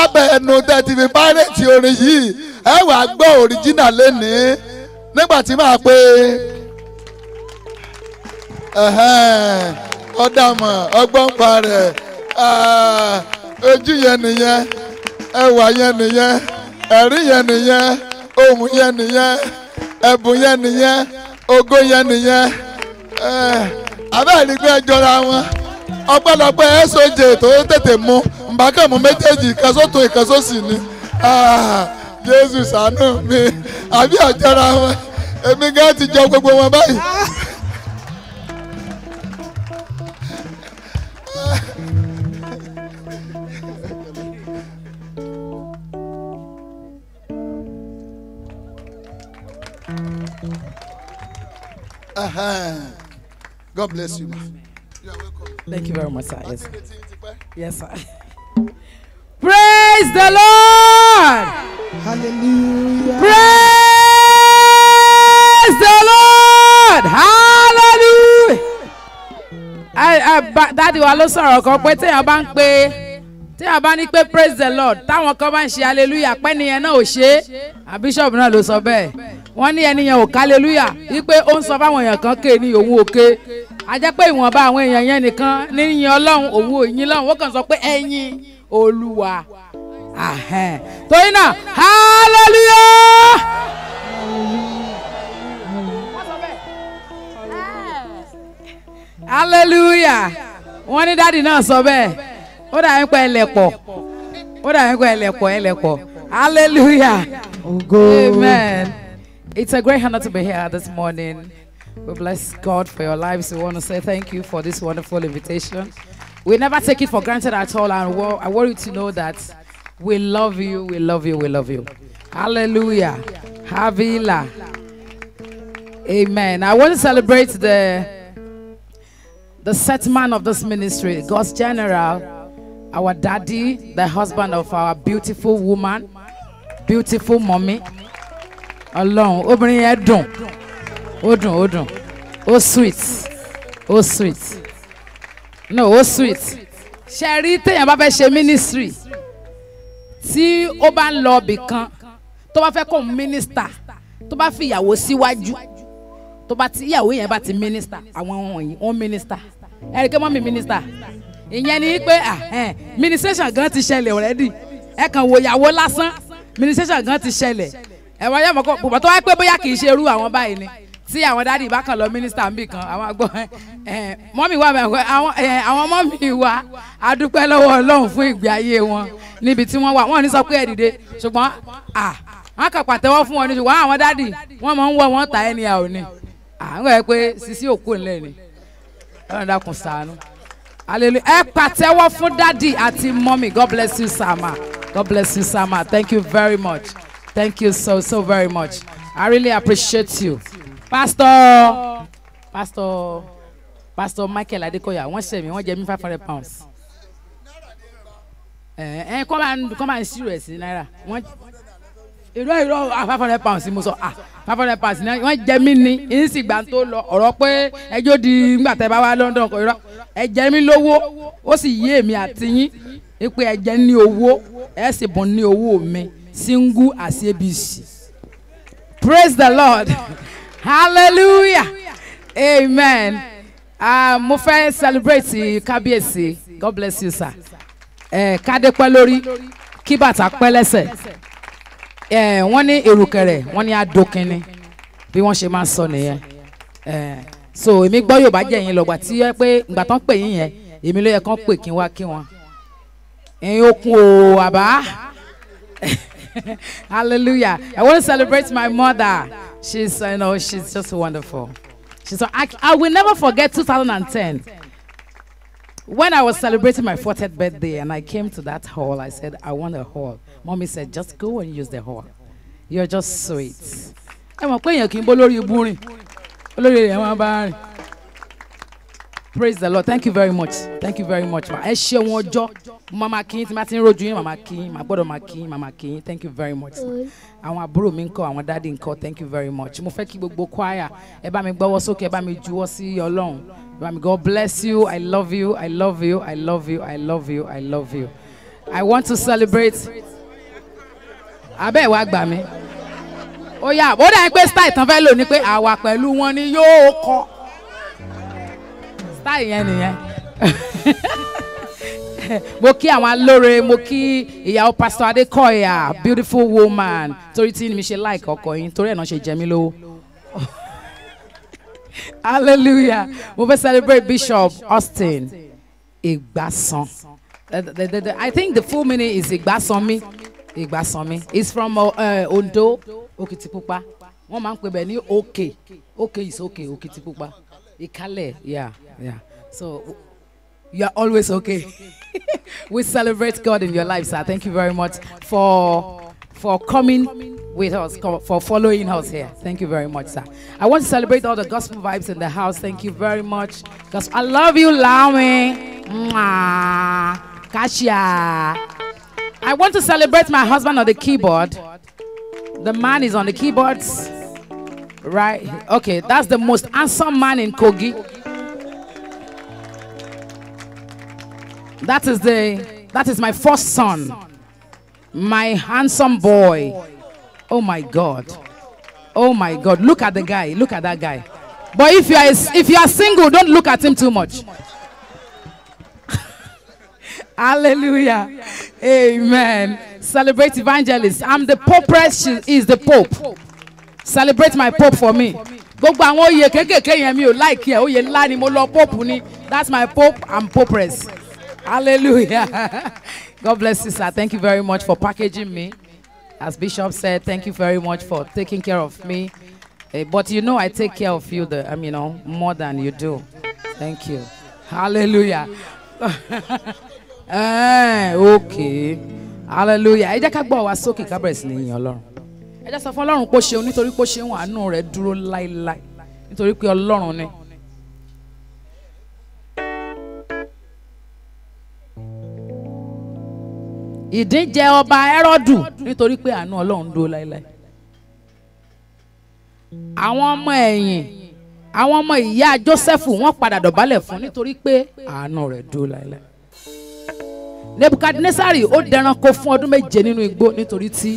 lábẹ́ ẹnu tẹ́ ti fi párẹ́ǹtì orin yìí ẹ wà gbọ́ òríjínà lénìí nígbà tí màá pé ọ̀dàmọ̀ ọgbọ́n parẹ̀ ah, ojú yẹn nìyẹn ẹwà yẹn nìyẹn ẹ̀rí yẹn nìyẹn ohùn yẹn nìyẹn ẹ̀bùn yẹn nìyẹn ògo yẹn nìyẹn eh, abẹ́rẹ́ ìgbẹ́ jọra wọn tó tètè mú. bá kàn mú méjèèjì ìkànsótò ìkànsósì ni ah, jésù ṣàánú mi àbí àjọra wọn èmi gan ti jọ gbogbo wọn báyìí. Uh-huh. God bless you. Thank you very much, sir. Yes, sir. Yes, sir. Praise the Lord. Hallelujah. Praise the Lord. Hallelujah. Dáàdi wa ló sọ̀rọ̀ kan pé téèyàn bá ń pe téèyàn bá ní pé praise the Lord táwọn kan bá ń ṣe hallelujah pé nìyẹn náà ò ṣe é Bíṣọ̀bù náà ló sọ bẹ́ẹ̀. wọ́n ní ẹni yẹn ò ipe wípé ó ń sọ fáwọn èèyàn kan ké òun òkè a pé ìwọ̀nba àwọn èèyàn yẹn nìkan níyìn ọlọ́run òun òyìn lọ́run ó kàn sọ pé ẹ̀yin olúwa torí náà hallelujah. hallelujah wọ́n ní dáàdì náà sọ bẹ́ẹ̀ ó dà ń ẹlẹ́pọ̀ ó dà ẹlẹ́pọ̀ ẹlẹ́pọ̀ hallelujah. amen. It's a great honor to be here this morning. We bless God for your lives. We want to say thank you for this wonderful invitation. We never take it for granted at all, and I want you to know that we love you, we love you, we love you. Hallelujah. Havila. Amen. I want to celebrate the the set man of this ministry, God's general, our daddy, the husband of our beautiful woman, beautiful mommy. Ọlọ́run obìnrin yẹn dùn ó dùn ó dùn ó sweet ó sweet no ó sweet ṣe rí téèyàn bá fẹ́ ṣe ministry tí ó bá ń lọ ibì kan tó bá fẹ́ kó minister, tó bá fi ìyàwó síwájú tó bá ti ìyàwó yẹn bá ti minister, àwọn wọ̀nyí wọ́n minister. ẹ̀rí kí wọ́n mi Minister ìyẹn ni pé ministration gan ti ṣẹlẹ̀ already ẹ̀ kàn wò ìyàwó lásán ministration gan ti ṣẹlẹ̀ ẹ wọ́n yẹ mọ̀ kó bùbọ̀ tó wáyé pé bóyá kì í ṣe irú àwọn báyìí ni tí àwọn dáàdi bá kàn lọ mínísítà ń bì kan àwọn àgbọ̀ mọ́mì wa àwọn mọ́mì wa a dúpẹ́ lọ́wọ́ Ọlọ́run fún ìgbé ayé wọn níbi tí wọ́n wà wọ́n ní sọ pé ẹ dìde ṣùgbọ́n à wọ́n kàn pàtẹ́wọ́ fún wọn ní ṣùgbọ́n àwọn dáàdi wọ́n máa ń wọ wọn ta ẹni àwọn ni à ń gbọ́ pé sisi òkú ńlẹ̀ ni Ọlọ́run dákun ṣàánú hallelujah ẹ pàtẹ́wọ́ fún dáàdi àti mọ́mì God bless you sama God bless you sama thank you very much. Thank you so, so very much. I really appreciate you. Pastor, Pastor, Pastor Michael Adekoya, wọ́n ṣe mi, wọ́n jẹ mi five hundred pounds. Ẹ ẹ kọ́ máa ń kọ́ máa Naira. ṣírò ẹ̀ sí five hundred pounds mo sọ ah five hundred pounds náà wọ́n jemi ni yín sì gbà tó lọ di ńgbà tẹ́ bá wá London kò irọ́ ẹ jẹ mí lówó ó sì yé èmi àti yín pé ẹ jẹ ní owó ẹ sì bùn ní singu asebisi praise the lord hallelujah amen ah, mo fẹ́ celebrate kábíyèsí god bless you sir eh, kádé pẹ́ lórí kí bàtà pẹ́ lẹ́sẹ̀ eh, wọ́n ní èrùkẹ̀rẹ̀ wọ́n ní adókínní bí wọ́n ṣe máa ń sọ nìyẹn eh, so èmi gbọ́ Yorùbá jẹ́ yín lọ́gbà tí yẹ pé ìgbà tán pè yín yẹn èmi ló yẹ kán pè kí n kí wọn ẹ̀yin ó kún o àbá. Hallelujah. I want to celebrate my mother. She's, you know, she's just wonderful. She's, I, I will never forget 2010. When I was celebrating my 40th birthday and I came to that hall, I said, I want a hall. Mommy said, just go and use the hall. You're just sweet. ẹ mọ̀ pé èèyàn kì í bó lórí praise the lord thank you very much thank you very much ẹ ṣeun ọjọ́ mama kin tí ma ti ń rojú yín mama kin ma gbọ́dọ̀ ma kin mama kin thank you very much mm. àwọn àbúrò mi ń kọ àwọn dáàdi ń kọ thank you very much mo fẹ́ kí gbogbo choir ẹ bá mi gbọ́wọ́ sókè ẹ bá mi juwọ́ sí ọlọ́run ẹ bá mi god bless you i love you i love you i love you i love you i love you i want to celebrate abẹ́ ìwà gbà mí ó yá ó dà pé style tán fẹ́ lò ní pé àwa pẹ̀lú wọn ni yóò kọ́ style yẹn nìyẹn mo kí àwọn alóore mo kí ìyàwó pastor Adékọ̀yà beautiful woman torí tí mi ṣe like ọkọ yín torí ẹ̀ náà ṣe jẹ mí lówó hallelujah mo fẹ́ celebrate Bishop Austin Igbasan I think the full meaning is Igbasanmi Igbasanmi it's from uh, Ondo Okitipupa wọ́n máa ń pè bẹ́ẹ̀ ní Òkè Òkè is Òkè Okitipupa. Okay, okay, Ikale, yeah, yeah. So you are always okay. we celebrate God in your life, sir. Thank you very much for for coming with us, for following us here. Thank you very much, sir. I want to celebrate all the gospel vibes in the house. Thank you very much. Cause I love you, Lami. Kasia. I want to celebrate my husband on the keyboard. The man is on the keyboards. Right? Okay, that's the most handsome man in Kogi. That is the that is my first son. My handsome boy. Oh my god. Oh my god. Look at the guy. Look at that guy. But if you are if you are single, don't look at him too much. Hallelujah. Amen. Celebrate evangelist. I'm the pope. She is the pope. celebrate my pop for me gbogbo àwọn oyè kéékèèké yẹn mi ò láìkí ẹ̀ oyè ńlá ni mo lọ pope ni that's my pop and popress hallelujah god bless you sir thank you very much for packaging me as bishop said thank you very much for taking care of me uh, but you know i take care of you the, I mean, know more than you do thank you hallelujah eh, okay hallelujah ẹ jẹ́ ká gbọ́ wá sókè ká bẹ̀rẹ̀ sí ní yìn Ọlọ́run ẹ jẹ́ sọ fún ọlọ́run pé ó ṣeun nítorí pé ó ṣeun àánú rẹ̀ dúró láéláé nítorí pé ọlọ́run ni. ìdíje ọba Hẹ́rọ́dù nítorí pé àánú ọlọ́run dúró láéláé. àwọn ọmọ ẹ̀yìn àwọn ọmọ ìyá Jósẹ́fù wọ́n padà dọ̀bálẹ̀ fún nítorí pé àánú rẹ̀ dúró láéláé. Nebukadnesari ó dẹranko fún ọdún méje nínú igbó nítorí tí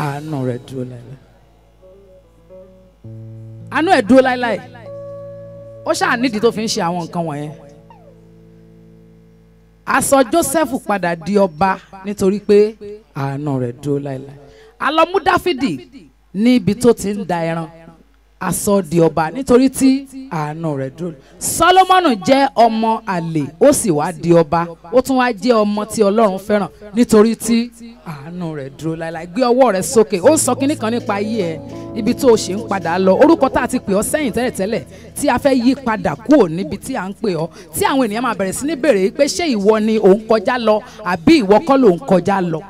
àánú rẹ̀ dúró láìláì àánú ẹ̀ dúró láìláì ó ṣáà nídìí tó fi ń ṣe àwọn nǹkan wọ̀nyẹn a sọ Jósẹ́fù padà di ọba nítorí pé àánú rẹ̀ dúró láìláì a mú Dáfídì ní ibi tó ti ń da ẹran àsọdì ọba nítorí tí àánú rẹ̀ dúró Solomon jẹ́ ọmọ àlè ó sì wá di ọba ó tún wá jẹ́ ọmọ tí Ọlọ́run fẹ́ràn nítorí tí àánú rẹ̀ dúró láìláì gbé ọwọ́ rẹ̀ sókè ó ń sọ kinní kan nípa ayé ẹ ibi tó o ṣe ń padà lọ orúkọ tá a ti pè ọ́ sẹ́yìn tẹ́lẹ̀tẹ́lẹ̀ tí a fẹ́ yí padà kúrò níbi tí a ń pè ọ́ tí àwọn ènìyàn máa bẹ̀rẹ̀ sí ní béèrè pé ṣé ìwọ ni òun kọjá lọ àbí ìwọ kọ́ lòun kọjá lọ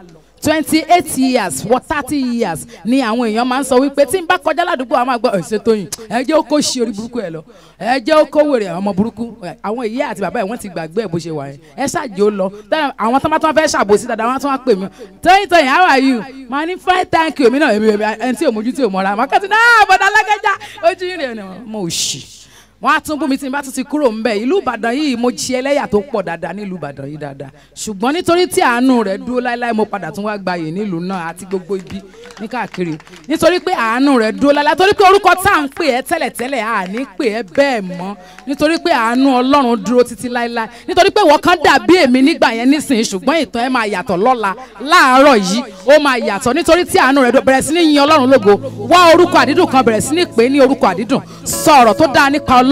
twenty eight years wọ thirty years ni àwọn èèyàn máa ń sọ wípé tí n bá kọjá ládùúgbò àwọn àgbà ẹ̀sẹ̀ tóyìn ẹ jẹ́ ó kó ṣe orí burúkú ẹ lọ ẹ jẹ́ ó kó wèrè ọmọ burúkú àwọn ìyá àti bàbá ẹ̀ wọ́n ti gbàgbé ẹ̀ bó ṣe wà yẹn ẹ ṣàjò lọ àwọn tó máa tó máa fẹ́ ṣàbòsí dáadáa wọ́n tó máa pè mí tóyìn tóyìn how are you màá ní fine thank you èmi náà èmi ẹni tí òmojú tí òmọ́ra màá kàn sí náà bọ̀dá alágẹ́já wọ́n á tún bú mi tí n bá tún ti kúrò ńbẹ̀ ìlú ìbàdàn yìí mo ṣe ẹlẹ́yà tó pọ̀ dáadáa nílùú ìbàdàn yìí dáadáa ṣùgbọ́n nítorí tí àánú rẹ̀ dúró láéláé mo padà tún wá gbayè nílùú náà àti gbogbo ibi ní káàkiri nítorí pé àánú rẹ̀ dúró láéláé torí pé orúkọ tá à ń pè ẹ́ tẹ́lẹ̀tẹ́lẹ̀ à ní pè ẹ́ bẹ́ẹ̀ mọ́ nítorí pé àánú ọlọ́run dúró títí láéláé nítorí pé wọ́n kàn dàbí èmi nígbà yẹn nísìnyí ṣùgbọ́n ìtàn ẹ máa yàtọ̀ lọ́la láàárọ̀ yìí ó máa yàtọ̀ nítorí tí àánú rẹ̀ bẹ̀rẹ̀ sí ní yin ọlọ́run lógo wá orúkọ àdídùn kan bẹ̀rẹ̀ sí ní pè é ní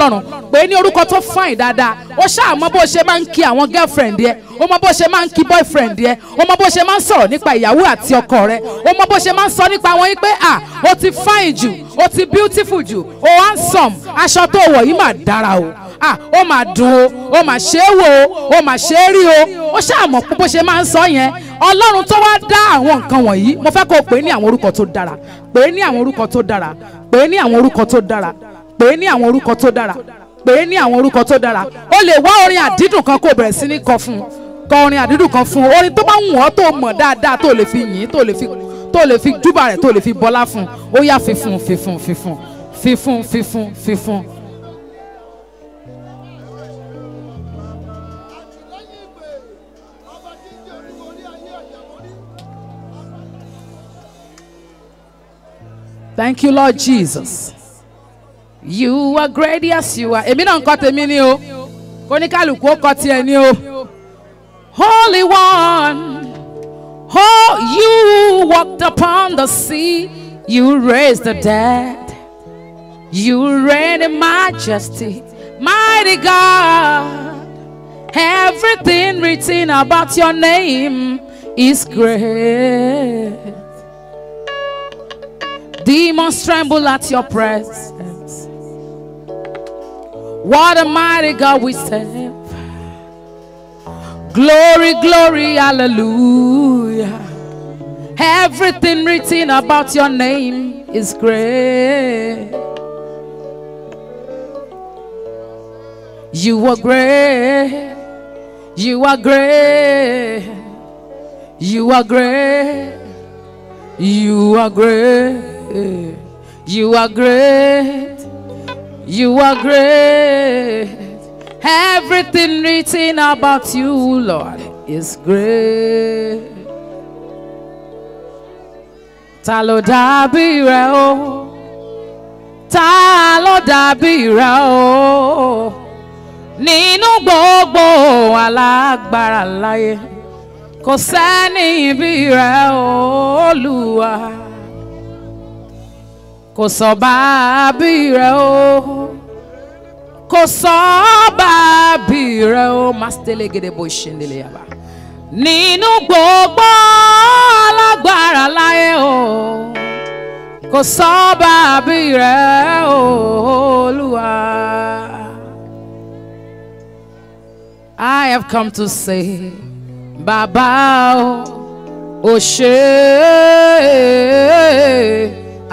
ọlọ́run pé ní orúkọ tó fine dáadáa ó ṣáà mọ bó ṣe máa ń kí àwọn girlfriend yẹ ó mọ bó ṣe máa ń kí boyfriend yẹ ó mọ bó ṣe máa ń sọ̀rọ̀ nípa ìyàwó àti ọkọ rẹ ó mọ bó ṣe máa ń sọ nípa wọn pé à ó ti fine jù ó ti beautiful jù ó handsome aṣọ tó wọ̀ yìí mà dára o à ó mà dùn o ó mà ṣe é wò o ó mà ṣe é rí o ó ṣáà mọ̀ bó ṣe máa ń sọ yẹn ọlọ́run tó wá dá àwọn nǹkan wọ̀nyí mo fẹ́ kó o pè é ní àwọn orúkọ tó dára pè é ní àwọn orúkọ tó dára pè é ní àwọn orúkọ tó dára pè é ní àwọn orúkọ tó dára pè é ní àwọn orúkọ tó dára o lè wá orin àdídùn kan kó bẹ̀rẹ̀ sí ní kọ fún un kọ orin àdídùn kan fún un orin tó bá wù ọ́ tó mọ̀ dáadáa tó lè fi yìn tó lè fi tó lè fi júbà rẹ̀ tó lè fi bọlá fún un ó yá fífún fífún fífún fífún fífún fífún. Thank you, Lord Jesus. You are great you are. Èmi náà ń mi ni o. Kóníkàlùkù ó kọ́ ni o. Holy one, oh, you walked upon the sea. You raised the dead. You reign in majesty. Mighty God, everything written about your name is great. Demons tremble at your presence. What a mighty God we serve. Glory, glory, hallelujah. Everything written about your name is great. You are great. You are great. You are great. You are great. You are great. You are great. Everything written about you, Lord, is great. Talo ló dàbí rẹ o? Ta ló dàbí rẹ alágbára láyé, kò sẹ́ni bí o, kò sọ́ba bí rẹ̀ o kò sọ́ba bí rẹ̀ o mastele gedebo ìṣẹ̀lẹ̀ yaba nínú gbogbo alágbára láyé o kò sọ́ba bí rẹ̀ o Olúwa. I have come to say, Baba, o ṣé.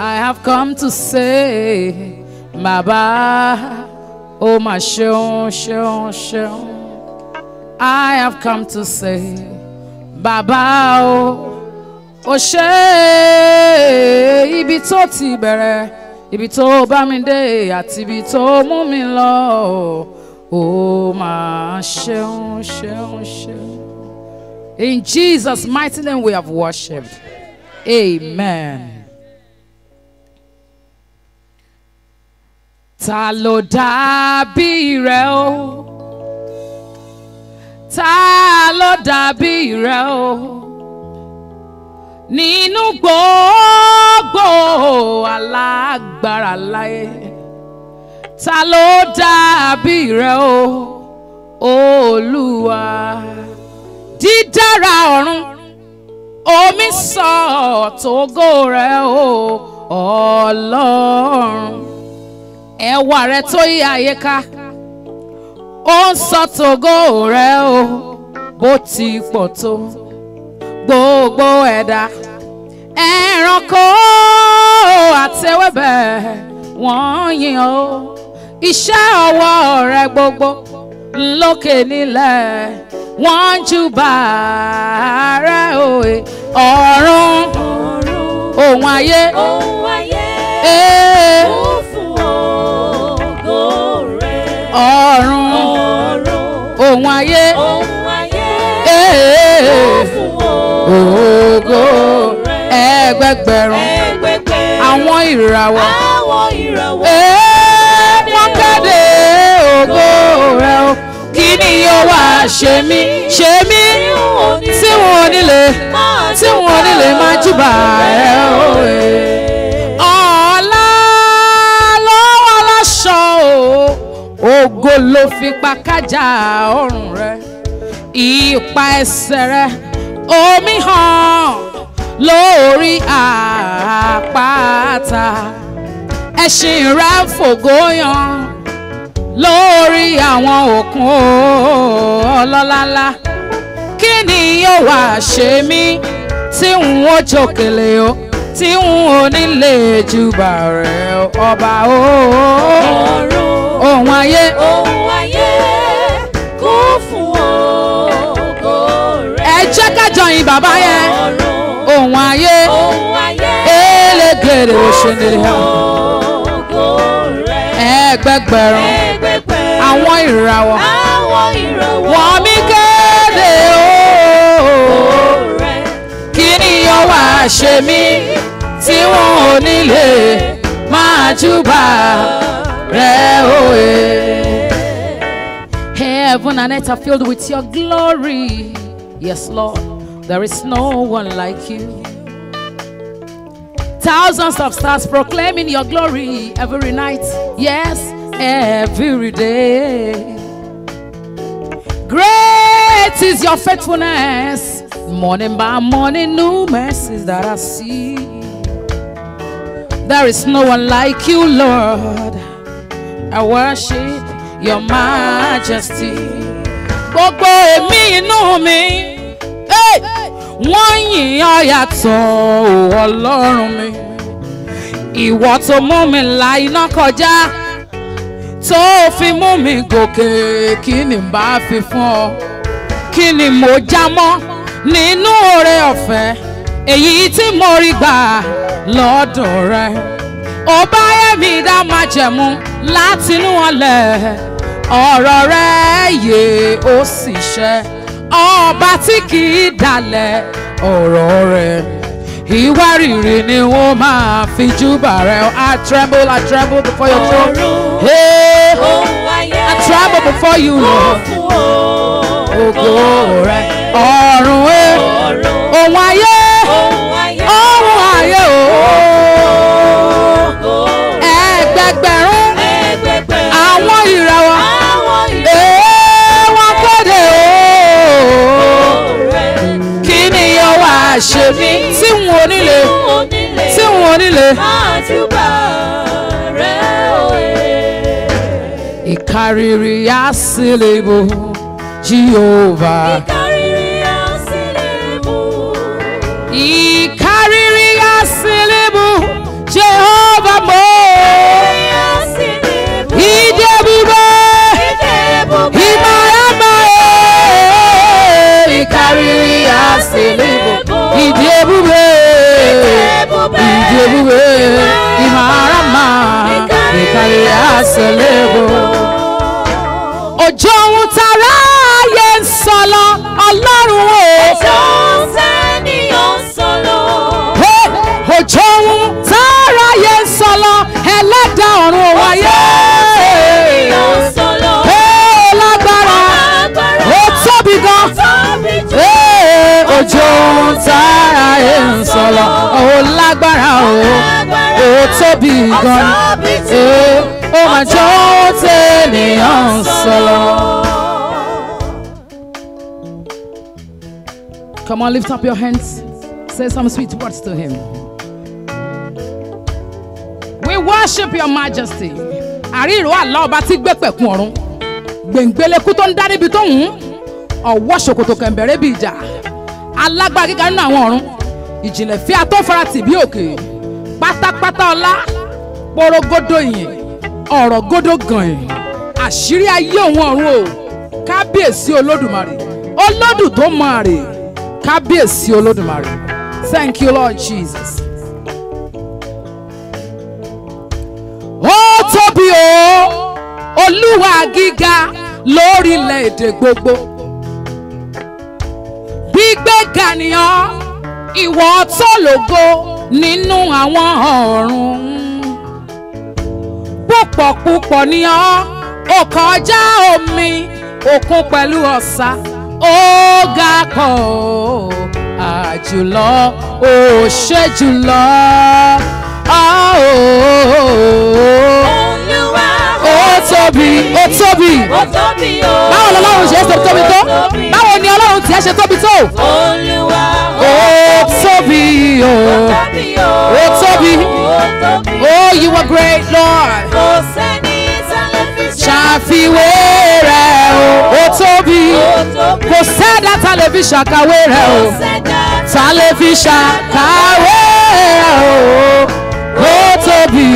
I have come to say, Baba, oh my shon, shon, shon. I have come to say, Baba, oh, oh ṣé ibi tó ti bẹ̀rẹ̀, ibi tó bá mi dé, àti ibi tó mi lọ, oh my shon, shon, shon. In Jesus' mighty name we have worshipped. Amen. Amen. ta ló dàbí rẹ o ta ló dàbí rẹ o nínú gbogbo alágbára láyé ta ló dàbí rẹ o Olúwa dídára ọ̀run omi sọ tògo rẹ o Ọlọ́run ẹwà rẹ tó yí àyíká ó ń sọ tògo rẹ o bó ti pọ̀ tó gbogbo ẹ̀dá ẹranko àtẹwébẹ̀ wọ́n yìn ó iṣẹ́ ọwọ́ rẹ gbogbo lókè nílẹ̀ wọ́n júbà rẹ òye ọ̀run òun ayé. Eh, ọ̀run òun ayé Ogo, ẹgbẹgbẹ̀rún àwọn ìràwọ̀ wọ́n kéde ògo rẹ o kí ni yóò wá ṣe mí ṣe mí tí wọn ò nílé tí wọn nílé máa jìbà ẹ o. ọ̀la lọ́wọ́ lọ́sọ̀ọ́ ògo ló fi pa kájà ọrùn rẹ ìpa ẹsẹ̀ rẹ omi hàn lórí àpáta ẹṣin rẹ ń fògo yan lórí àwọn òkun ọlọ́láńlá kí ni yóò wá ṣe mí tí n ó jòkèlè o tí n ò ní rẹ̀ ọba o. ọ̀run ohun ayé. ohun ayé kú fún ògo rẹ̀. ẹ jẹ́ ká jọyìn bàbá yẹn. ọ̀run ohun ayé. ohun ayé elégèrè òṣèlérí hàn. ògo rẹ̀. ẹgbẹgbẹ̀rún. ẹgbẹgbẹ̀rún. àwọn ìràwọ̀. àwọn ìràwọ̀. wọ́n mi ké. wá ṣe mí tí wọn ò júbà rẹ Heaven and earth are filled with your glory. Yes, Lord, there is no one like you. Thousands of stars proclaiming your glory every night. Yes, every day. Great is your faithfulness. Morning by morning, new mercies that I see. There is no one like you, Lord. I worship your majesty. Gbogbo èmi inú mi, wọ́n yìn ọ́ yàtọ̀ Ọlọ́run mi. Ìwọ tó mú mi la iná kọjá, tó fi mú mi gòkè, kí ni bá fi fún ọ? Kí ni mo já mọ́? nínú ore ọ̀fẹ́ èyí tí mo rí gbà lọ́dọ̀ rẹ ó bá ẹ̀mí dá májẹ̀mú látinú ọlẹ̀ ọ̀rọ̀ rẹ yè ó sì ṣẹ ọba tí kì í dalẹ̀ ọ̀rọ̀ rẹ ìwárìrì ni wọ́n máa fi júbà rẹ I tremble I tremble before your throne hey, I tremble before you Lord ògo rẹ ọ̀run ẹ ohun ayé ohun ayé o ẹgbẹgbẹ̀rún àwọn ìràwọ̀ èèwọ̀n kéde o kí ni yóò wá ṣe mí tí n ò nílé tí n ò nílé. ìkárìrì á sílẹ̀ bò Jehovah. Ịkarịrị ya sịrị m Jehova m ide ebube ịma ya ma ịkarịrị ya sịrị m ide ebube ide ebube ịmara mma ịkarịrị ya sịrị m òjò ohun tara ayé ń sọ lọ ọlọ́run o. òjò ń sẹ́yìn. tá a ń sọ̀lọ̀ ó lágbára o ó tóbi gan ni ó máa jọ tẹ̀léyàn sọ̀lọ̀. Come on, lift up your hands. Say some sweet words to him. We worship your majesty. Àríró àlá tí gbé pẹ̀kun ọ̀run. Gbèǹgbèlè tó ń dá níbi tó ń ọ̀wọ́ ṣòkòtò kẹ̀m̀bẹ̀rẹ̀ bí ìjà alágbára gíga nínú àwọn ọ̀run ìjìnlẹ̀ fí atọ́fara tì bí òkè pátápátá ọlá porogodo ìyìn ọ̀rọ̀ godo gàn-ìn àṣírí ayé òun ọ̀run o kábíyèsí olódùmarè olódùmarè kábíyèsí olódùmarè thank you lord jesus. ó tóbi o olúwa gíga lórílẹ̀‐èdè gbogbo gbígbéga nìyàn ìwọ tó lógo nínú àwọn ọ̀run púpọ̀ púpọ̀ nìyàn ó kọjá omi òkun pẹ̀lú ọ̀sà ó ga kọ̀ àjùlọ ó ṣe jùlọ. Oh, oh, oh, oh tóbi ó tóbi báwo lọ́lọ́run ṣe é ṣe tóbi tó báwo ni ọlọ́run tiẹ̀ ṣe tóbi tó olúwa ó tóbi ó tóbi oh you are great lord ṣàfiwé rẹ̀ o ó tóbi kò sẹ́dá tá lè fi ṣàkàwé rẹ̀ o tá fi ṣàkàwé rẹ̀ o ó tóbi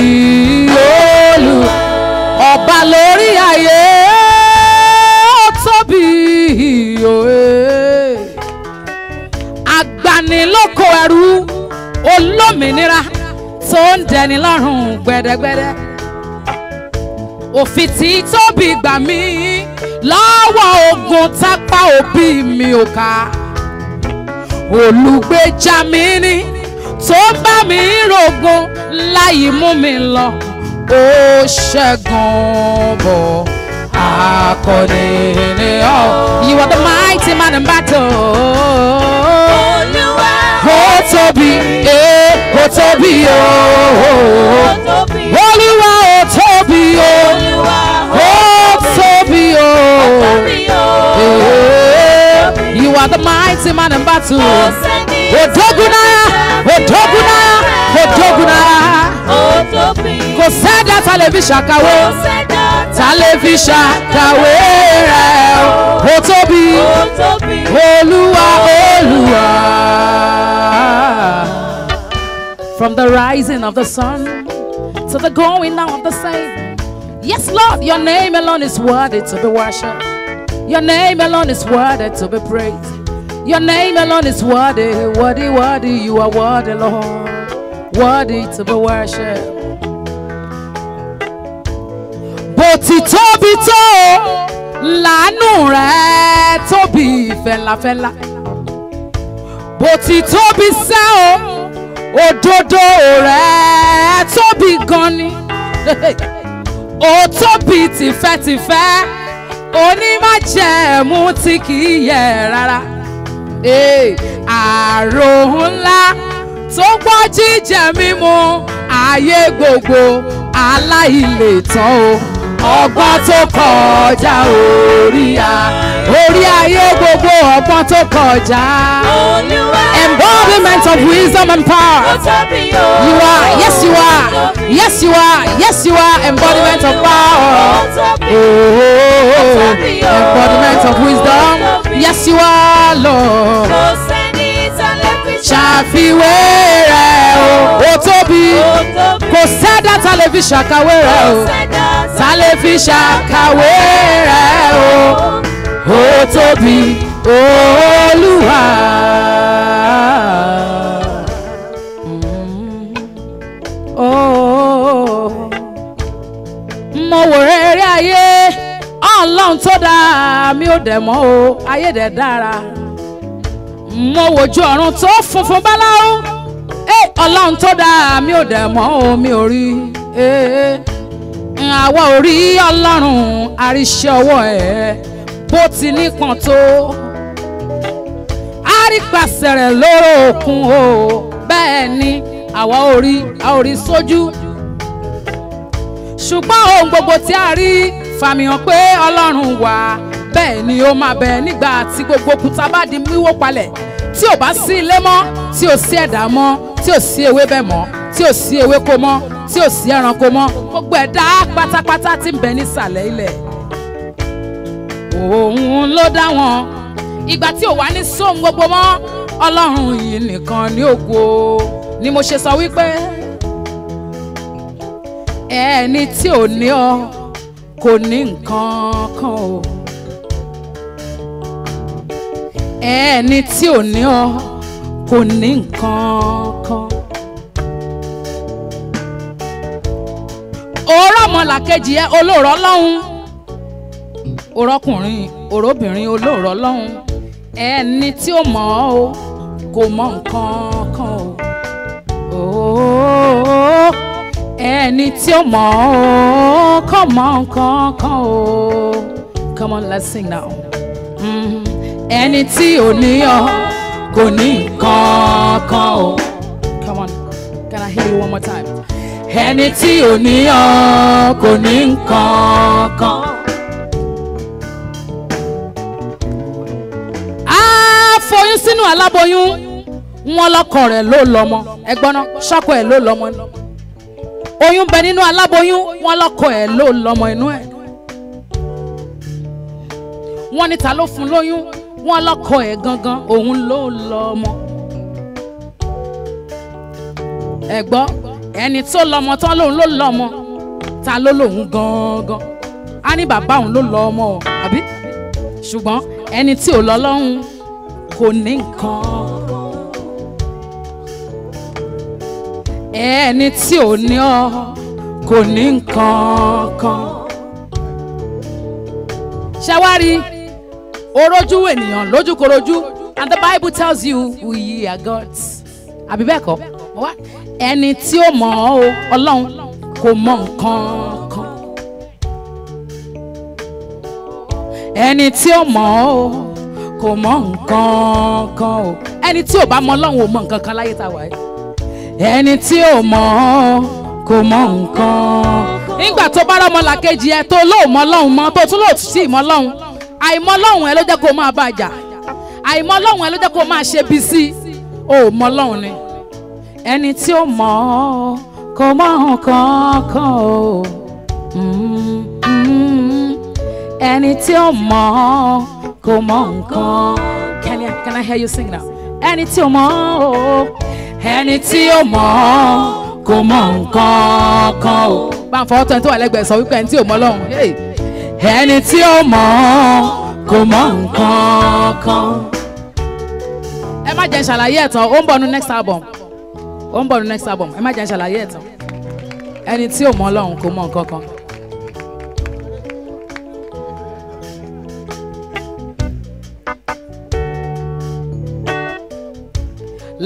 ó ọba lórí ayé ó tóbi òye agbanilóko ẹrú olómìnira tó ń dẹni lọ́rùn gbẹ̀dẹ̀gbẹ̀dẹ̀ òfin tí tóbi gbà mí lọ́wọ́ ogun tápá òbí mi ò ká olùgbèjà mi ni tó bá mi rògbò láì mú mi lọ. ó ṣẹ́gun bọ̀ akọni You are the mighty man in battle. Olúwa ó tóbi ee ó tóbi o. Olúwa ó tóbi o. tobi Holy oluwa o oh, o oh, tobi o. You are the mighty man in battle. Oh, oh, Odogunaya oh kò sẹ́dá tá ṣàkàwé. ṣàkàwé rẹ̀ ó tóbi. olúwa olúwa. From the rising of the sun to the going down of the same. Yes, Lord, your name alone is worthy to be worshipped. Your name alone is worthy to be praised. Your name alone is worthy, worthy, worthy. You are worthy, Lord. worthy to be worshipped. but Bó ti tóbi tó, làánú rẹ̀ tóbi fẹ́lafẹ́la. Bó ti tóbi sẹ́ o, òdodo tife tife, gan ni. Ó tóbi tìfẹ́tìfẹ́, onímájẹ̀mú tí kì í yẹ̀ rárá. Ààrò tó gbọ́ jíjẹ mímu ayé gbogbo aláìlétán o ọgbọ́n tó kọjá oríà orí ayé gbogbo ọgbọ́n tó kọjá embodiment of wisdom and power you are yes you are yes you are yes you are embodiment of power oh, oh, oh, oh embodiment of wisdom yes you are Lord ṣàfiwé rẹ̀ o. ó tóbi kò sẹ́dá tá lè fi ṣàkàwé rẹ̀ o. tá lè fi ṣàkàwé rẹ̀ o. ó tóbi olúwa. mo wò rere ayé ọlọ́run tó dáa mi ò dẹ̀ mọ́ o ayé dẹ̀ dára mo wojú ọ̀run tó funfun báláwo ọlọ́run tó dá mi ò dẹ̀ mọ́ omi orí àwa ò rí ọlọ́run àríṣẹ́ ọwọ́ ẹ̀ bó ti nípọn tó àrípasẹ̀rẹ̀ lóró òkun o bẹ́ẹ̀ ni àwa ò rí sójú ṣùgbọ́n ohun gbogbo tí a rí fàmìhàn pé ọlọ́run wà bẹ́ẹ̀ ni ó máa bẹ̀ nígbà tí gbogbo òkúta bá di wíwó palẹ̀ tí ò bá sí ilé mọ́ tí ò sí ẹ̀dá mọ́ tí ò sí ewébẹ̀ mọ́ tí ò sí ewéko mọ́ tí ò sí ẹranko mọ́ gbogbo ẹ̀dá pátápátá tí ń bẹ nísàlẹ̀ ilẹ̀ òun ló dá wọn ìgbà tí ò wá ní sóhun gbogbo mọ́ ọlọ́run yìí nìkan ní ògo ni mo ṣe sọ wípé ẹni tí ò ní ọ kò ní nǹkan kan o. ẹni tí ò ní ọ kò ní nǹkan kan. òórọ̀ ọmọlàkejì ẹ olóòrọ̀ lọ́hùn òrọ́kùnrin òróbìnrin olóòrọ̀ lọ́hùn ẹni tí ò mọ̀ ọ́ o kò mọ̀ nǹkan kan o. ẹni tí ò mọ̀ ọ́ kò mọ̀ nǹkan kan o. Come on, let's sing now ẹni tí ò ní ọ kò ní nǹkan o. come on can I hear you one more time. ẹni tí ò ní ọ kò ní nǹkan kan. a foyún sínú aláboyún wọn lọkọ rẹ̀ ló lọ́mọ ẹ̀gbọ́n náà ṣọkọ ẹ̀ ló lọ́mọ oyún bẹ nínú aláboyún wọn lọkọ ẹ̀ ló lọ́mọ inú ẹ̀ wọ́n ní ta ló fún lóyún wọn lọ́kọ ẹ̀ gangan òun ló lọ́mọ. ẹ gbọ́ ẹni tó lọ́mọ tán lòun ló lọ́mọ ta ló lòun gangan á ní bàbá òun ló lọ́mọ àbí ṣùgbọ́n ẹni tí ò lọ lọ́hùn kò ní nǹkan. ẹni tí ò ní ọ kò ní nǹkan kan. ṣe wá rí i orójú ènìyàn lójúkorojú and the bible tells you we are gods àbí bẹ́ẹ̀ kọ́ ẹni tí ó mọ̀ ọ́ o ọlọ́run kò mọ nǹkan kan ẹni tí ó mọ̀ ọ́ o kò mọ nǹkan kan o ẹni tí ò bá mọ ọlọ́run ò mọ nǹkan kan láyé tá a wà yìí ẹni tí ò mọ̀ ọ́ kò mọ nǹkan nígbà tó bá rọ́mọlàkejì ẹ tó lóò mọ ọlọ́run mọ tó tún lóò tún sí ìmọ̀ ọlọ́run àìmọ̀ Ọlọ́run ẹ ló jẹ́ kó o máa bá a jà àìmọ̀ Ọlọ́run ẹ ló jẹ́ kó máa ṣe bí sí o ò mọ̀ ni ẹni tí ó mọ̀ kò mọ̀ kankan o mm-hmm. ẹni tí ó mọ̀ kò mọ̀ nǹkan can I can I hear you sing now ẹni tí ó mọ̀ ọ́ ẹni tí ó mọ̀ ọ́ kò mọ nǹkan kan o. bá a fọwọ́ tán tó wà lẹ́gbẹ̀ẹ́ sọ wípé ẹni tí ò mọ Ọlọ́run. ẹni tí ò mọ̀ kò mọ nǹkan kan. ẹ má jẹ́ ṣàlàyé ẹ̀ tán ó ń bọ̀ nu next album ó ń bọ̀ nu next album ẹ má jẹ́ ṣàlàyé ẹ̀ tán ẹni tí ò mọ ọlọ́run kò mọ nǹkan kan.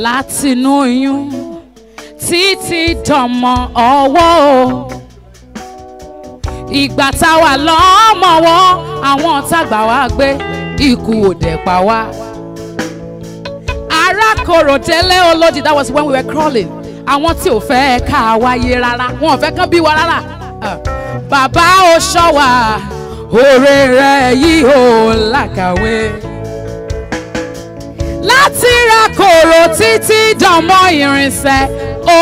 látinú oyún títí dọ̀mọ́ ọwọ́ o ìgbà tá a wà lọ́mọ wọn àwọn tàgbà wá gbé ikú òdẹ pa wá. arákòrò délé olódì that was when we were crawling àwọn tí ò fẹ́ ká wáyé rárá wọn ò fẹ́ kán bí wa rárá. Ah, bàbá ó ṣọ́ wa òre rẹ̀ yìí ò làkàwé. láti ra títí dànmọ́ irinṣẹ́ ó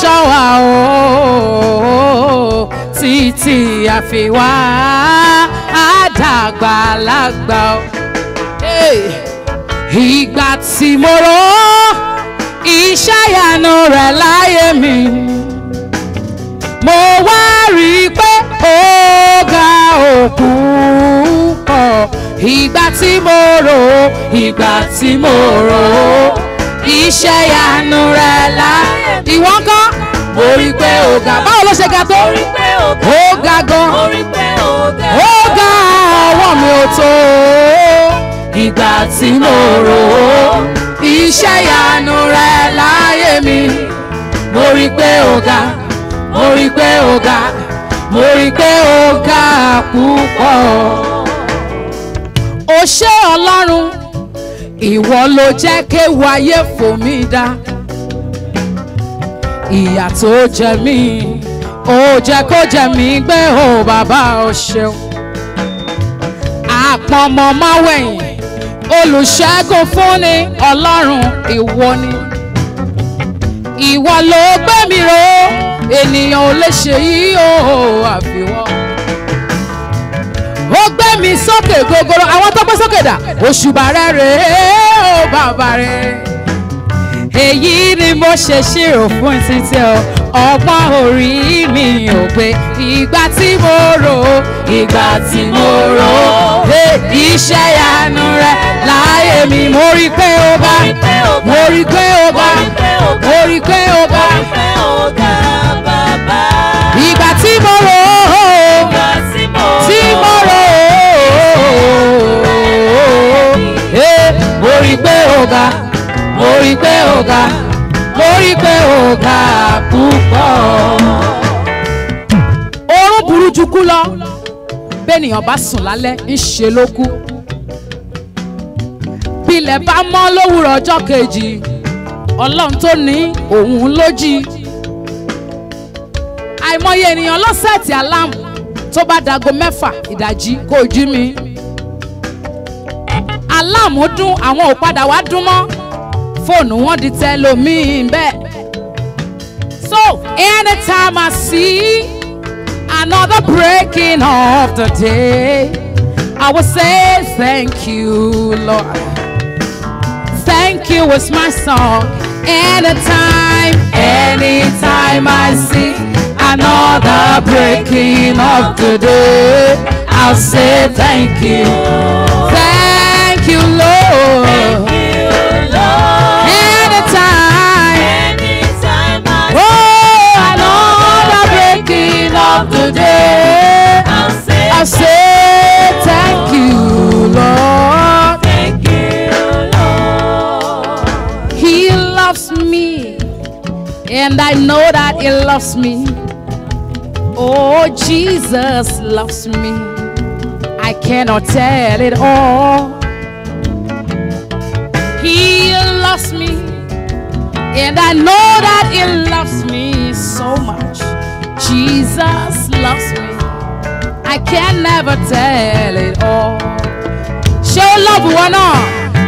ṣọ́ wa ooo títí àfiwá àdàgbàlagbà o. ìgbà tí mo rò iṣẹ́ ìyanu rẹ̀ láyé mi mo wá rí i pé ó ga òkú pọ̀ ìgbà tí mo rò ìgbà tí mo rò iṣẹ́ ìyanu rẹ̀ láyé mi. ìwọ́n kọ́ orí pé ó ga báwo ló ṣe ga tó ó ga gan ó ga ọwọ́ mi ò tó ìgbà tí mo rò ó iṣẹ́ ìyanu rẹ láyé mi mo rí pé ó ga mo rí pé ó ga mo rí pé ó ga púpọ̀. ó ṣé ọlọ́run ìwọ ló jẹ́ kéwàá ayé fò mí dá ìyà tó jẹ mí ó jẹ kó jẹ mí gbé o bàbá o ṣeun àpọ̀nmọ́ máwẹ̀yìn olùṣẹ́gun fúnni ọlọ́run ìwọ ni ìwọ ló gbé mi ró ènìyàn ò lè ṣe yí o àfiwọ́ ó gbé mi sókè gogoro àwọn tó gbé sókè dà òṣùbà rẹ rèé o bàbá rẹ èyí ni mo ṣe ṣírò fún títẹ ọ ọgbọ́n orí mi ò pé ìgbà tí mo rò ìgbà tí mo rò iṣẹ́ yanu rẹ láàyè mi mo rí pé ó bá mo rí pé ó bá mo rí pé ó bá ìgbà tí mo rò tí mo rò mo rí pé ó bá rí pé ó ga mo rí pé ó ga púpọ̀. oorun burú ju kú lọ bẹ́ẹ̀nìyàn bá sùn lálẹ́ ń ṣe ló kú bílẹ̀ bá mọ́ lówùrọ̀ ọjọ́ kejì ọlọ́run tó ní òun ló jí àìmọye ènìyàn ló sẹ́ẹ̀tì aláàmù tó bá dago mẹ́fà ìdajì kò jí mi aláàmú dún àwọn ò padà wá dún mọ́. fóònù to tell tẹlómìn bẹ́ẹ̀. So anytime I see another breaking of the day, I will say thank you, Lord. Thank you is my song. Anytime, anytime I see another breaking of the day, I'll say thank you. Thank you, Lord. of the day. I'll say, I'll say thank you, Lord. Thank you, Lord. He loves me, and I know that He loves me. Oh, Jesus loves me. I cannot tell it all. He loves me, and I know that He loves me so much. Jesus loves me. I can never tell it all. Show love one on.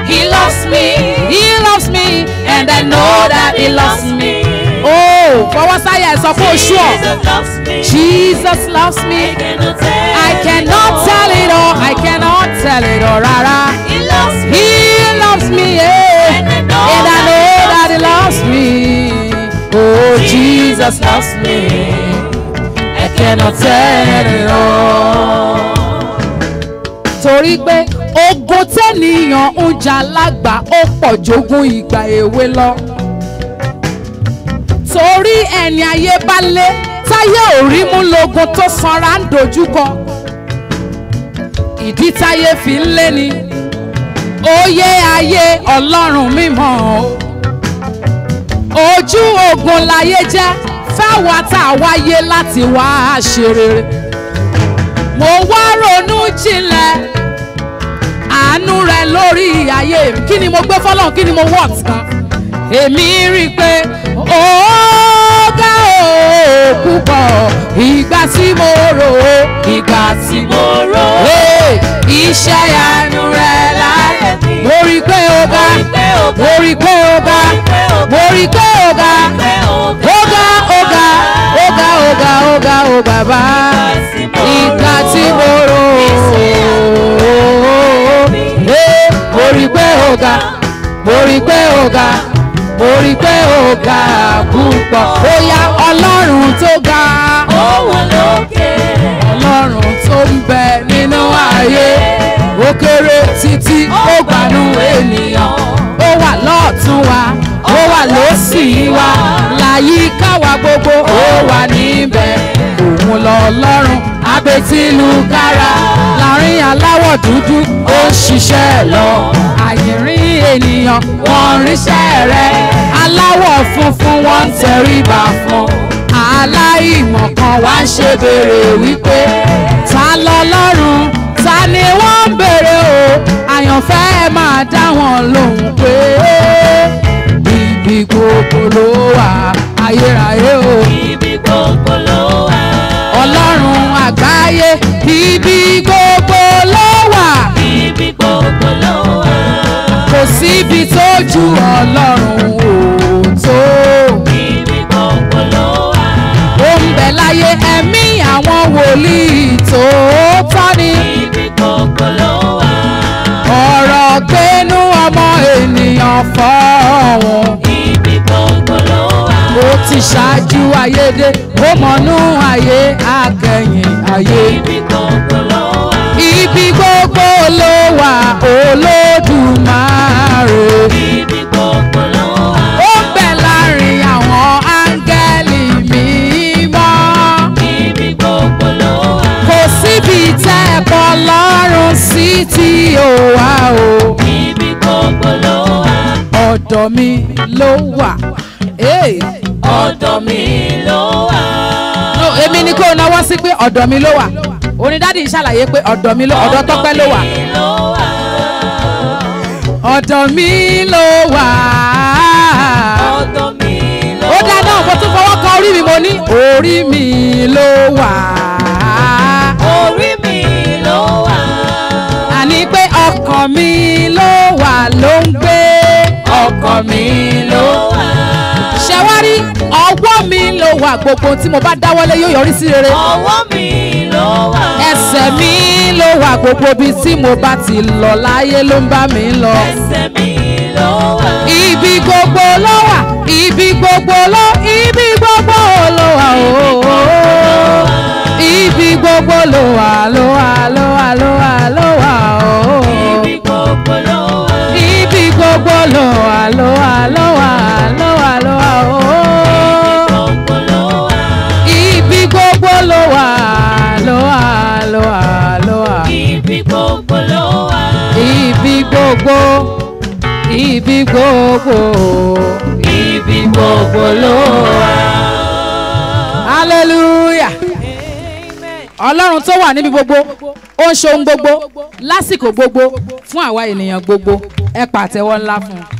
He loves me. He loves me. And I know that he loves me. Oh, for what I am, so for sure. Jesus loves me. I cannot tell it all. I cannot tell it all. Rara. He loves me. Yeah. And I know that he loves me. Oh, Jesus loves me. cannot tell it all. torí pé ogun tẹ́nìyàn ń jà lágbà ó pọ̀ jogún ìgbà èwe lọ. torí ẹni ayé bá lé táyé ò rí mú lógun tó sanra ń dojúkọ. ìdí táyé fi ń lé ni oyè ayé ọlọ́run mímọ́ ojú ogun láyé jẹ́ fáwa tá a wáyé láti wá ṣe rere mo wá ronú jinlẹ̀ àánú rẹ lórí ayé mi kí ni mo gbé fọlọ́n kí ni mo wọ̀ tán èmi rí i pé ọ̀gá òkú pọ̀ ìgbà tí mo rò ó ìgbà tí mo rò ó iṣẹ́ àánú rẹ lọ rí pé ó ga mo Oga pé ó Oga mo rí pé ó ga ó ga ó ga ó ga ìgbà tí mo rò mo rí pé ó ga mo rí pé ó púpọ̀ ó ọlọ́run tó ga ọlọ́run tó ń bẹ nínú ayé ó kéré tí ó gbanú ènìyàn ó wà lọ́ọ̀tún wa ó wà lósì wa láyìíká wa gbogbo ó wà níbẹ̀ òun lọ́lọ́run abẹ́tílùkára láàrin aláwọ̀ dúdú ó ń ṣiṣẹ́ lọ àyìnrín ènìyàn wọ́n ríṣẹ́ rẹ̀ aláwọ̀ funfun wọ́n ń tẹríba fún aláìmọ̀kan wá ń ṣe béèrè wípé ta lọ́lọ́run. máa dá wọn lóhùn pé ibi gbogbo ló wà ayérayé o. ibi gbogbo ló wà. ọlọ́run àgbáyé ibi gbogbo ló wà. ibi gbogbo ló wà. kò síbi tó ju ọlọ́run ò tó. ibi gbogbo ló wà. ó ń bẹ láyé ẹ̀mí àwọn wòlíì tó. fọ́ọ̀wọ́. ibi gbogbo ló wà. ó ti ṣáájú ayédè ó mọ̀nú ayé akẹ́yìn ayé. ibi gbogbo ló wà. ibi gbogbo ló wà olódùmarè. ibi gbogbo ló wà. ó bẹ láàrin àwọn áńgẹ́lì mímọ́. ibi gbogbo ló wà. kò síbi tẹ́ ẹ̀kọ́ lọ́rùn sí tí ó wà o. ibi gbogbo ló wà ọ̀dọ̀ mi ló wà. ọ̀dọ̀ mi ló wà. èmi ni kò náwó sí pé ọ̀dọ̀ mi ló wà onídàdí ṣàlàyé pé ọ̀dọ̀ mi ló ọ̀dọ̀ tọ́pẹ́ ló wà. ọ̀dọ̀ mi ló wà. ọ̀dọ̀ mi ló wà. ó dáa náà mo tún fọwọ́ kan orí mi mo ní orí mi ló wà. orí mi ló wà. àní pé ọkàn mi ló wà ló ń gbé ọkọ mi ló wà. ṣẹ̀wárí ọwọ́ mi ló wà gbogbo tí mo bá dáwọ́lé yóò yọrí sí rere. ọwọ́ mi ló wà. ẹsẹ̀ mi ló wà gbogbo ibi tí mo bá ti lọ láyé ló ń bá mi lọ. ẹsẹ̀ mi ló wà. ibi gbogbo ló wà ibi gbogbo ló ibi gbogbo ló wà oh, o. Oh, oh. ibi gbogbo ló wà ló wà ló wà ló wà ló wà. lówà lówà lówà lówà o. ibi gbogbo lówà lówà lówà lówà. ibi gbogbo lówà. ibi gbogbo ibi gbogbo. ibi gbogbo lówà. hallelujah ọlọ́run tó wà níbi gbogbo ó ń ṣohun gbogbo lásìkò gbogbo fún àwa ènìyàn gbogbo ẹ pàtẹ́wọ́ ńlá fún un.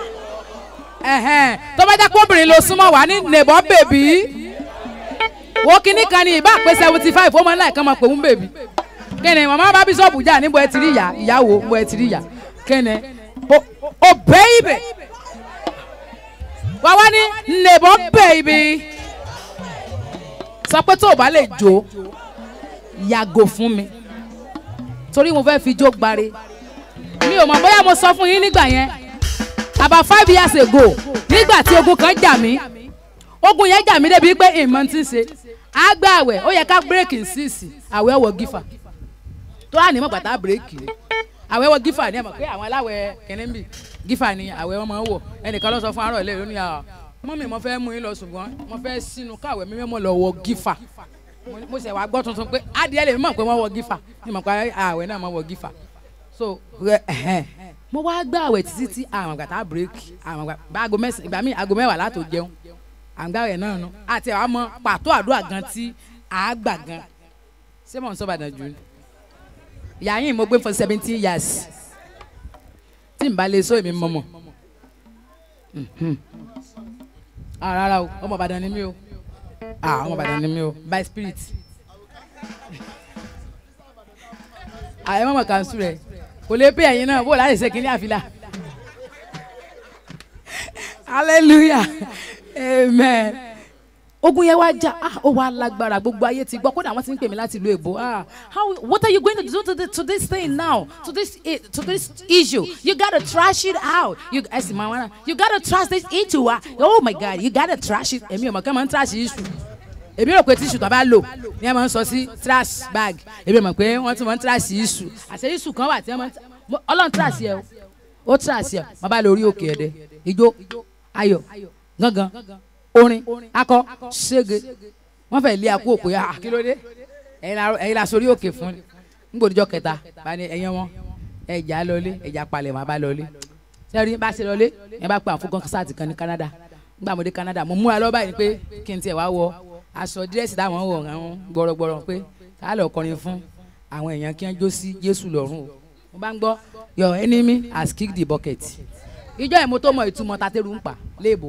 tó bá jẹ́ pé obìnrin ló súnmọ́ wà ní neighbor baby wo kíní kan ní ìbá pé seventy five ó máa ń láì kán máa pè ń bèbí kẹ́nẹ̀ màmá bá bíṣọ̀bù jà níbo ẹ ti rí ìyá ìyàwó níbo ẹ ti rí ìyá kẹ́nẹ̀ ó bẹ́ ibẹ̀ wá wá ní neighbor baby sọ pé tó o bá lè jó yàgò fún mi torí mo fẹ́ fi jó gbare mi ò mọ̀ bóyá mo sọ fún yín nígbà yẹn about five years ago nígbà tí ogun kan jà mí ogun yẹn jà mí débi pé ìmọ̀ ti ń ṣe á gbà àwẹ̀ ó yẹ ká bírèkì síìsì àwẹ̀ wọ gífà tó wà ní mọ̀ pàtà bírèkì rẹ̀ àwẹ̀ wọ gífà ni ẹ mọ̀ pé àwọn aláwẹ̀ kẹ́lẹ́ bì gífà ni àwẹ̀ wọn máa ń wọ̀ ẹnìkan ló sọ fún arọ̀ ilé ìlú ni àwọn ah, mọ́mì mo fẹ́ mú yín lọ ṣùgbọ́n mo fẹ́ sínú káwẹ̀ mímẹ́ mọ́ lọ wọ gífà mo ṣẹ̀ wá gbọ́ tuntun pé adìẹ lè mọ̀ pé wọ́n wọ gífà ni mọ̀ pé àwẹ̀ náà mọ̀ wọ gífà so mo wá gbà àwẹ̀ títí tí àwọn àgbàtà break. àwọn àgbà bá aago mẹ́sàn-án ìgbà míì aago mẹ́wàá látò jẹun àgbà rẹ̀ náà nu àti àwọn ọmọ pàtó àdúrà gan tí à á gbà gan ṣé mò ń sọ bàdàn jù yàyìn mo gbé for seventeen years tí n bá lè sọ èmi mọ̀mọ̀ mhm. ah, rárá o ọmọ Ìbàdàn ni mí o ah, ọmọ Ìbàdàn ni mí o by spirit àyẹ̀mọ̀ ah, kan sùn rẹ̀ kò lè pé ẹ̀yin náà bó láyé ṣe kínní àfilà hallelujah amen ogun yẹn wá jà ah ó wá lágbára gbogbo ayé ti gbọ́ kódà wọ́n ti ń pè mí láti ìlú èbó ah how what are you going to do to, the, to this thing now to this eh, to this issue you gotta trash it out you ẹ sì máa wá náà you gotta trash this issue ah oh my god you gotta trash it èmi ò mọ̀ kẹ́ mọ̀ ń trash issue èmi rò pé tíṣù tó bá lò ní ẹ máa ń sọ sí trash bag èmi mọ̀ pé wọ́n ti mọ̀ ń trash iṣu àṣẹ iṣu kan wà tí wọ́n mọ̀ ọlọ́run trash yẹ o ó trash yẹ wọ́n bá lè orí òkè ẹ̀dẹ̀ ijó ayọ̀ gángan orin akọ ṣége wọ́n fẹ́ lé akó òkè ah kí ló dé ẹ̀yin la sórí òkè fún n gbòdìjọ kẹta bá ní ẹyẹ wọn ẹjà lọlé ẹjà palẹ̀ wọn bá lọlé sẹ́rí bá ṣe lọlé ẹ bá pè àfọkàn sáà kan ní Canada nígbà mo dé Canada mo múra lọ́ọ́ báyìí ni aṣọ dírẹ́sì táwọn wọ̀ hàn gbọ̀rọ̀gbọ̀rọ̀ pé ká lọ kọrin fún àwọn èèyàn kí wọ́n jó sí Jésù lọ́rùn o mo bá ń gbọ́ your enemy has kicked the bucket ìjọ ìmú tó mọ ìtumọ̀ tatẹ́rù ń pa léèbò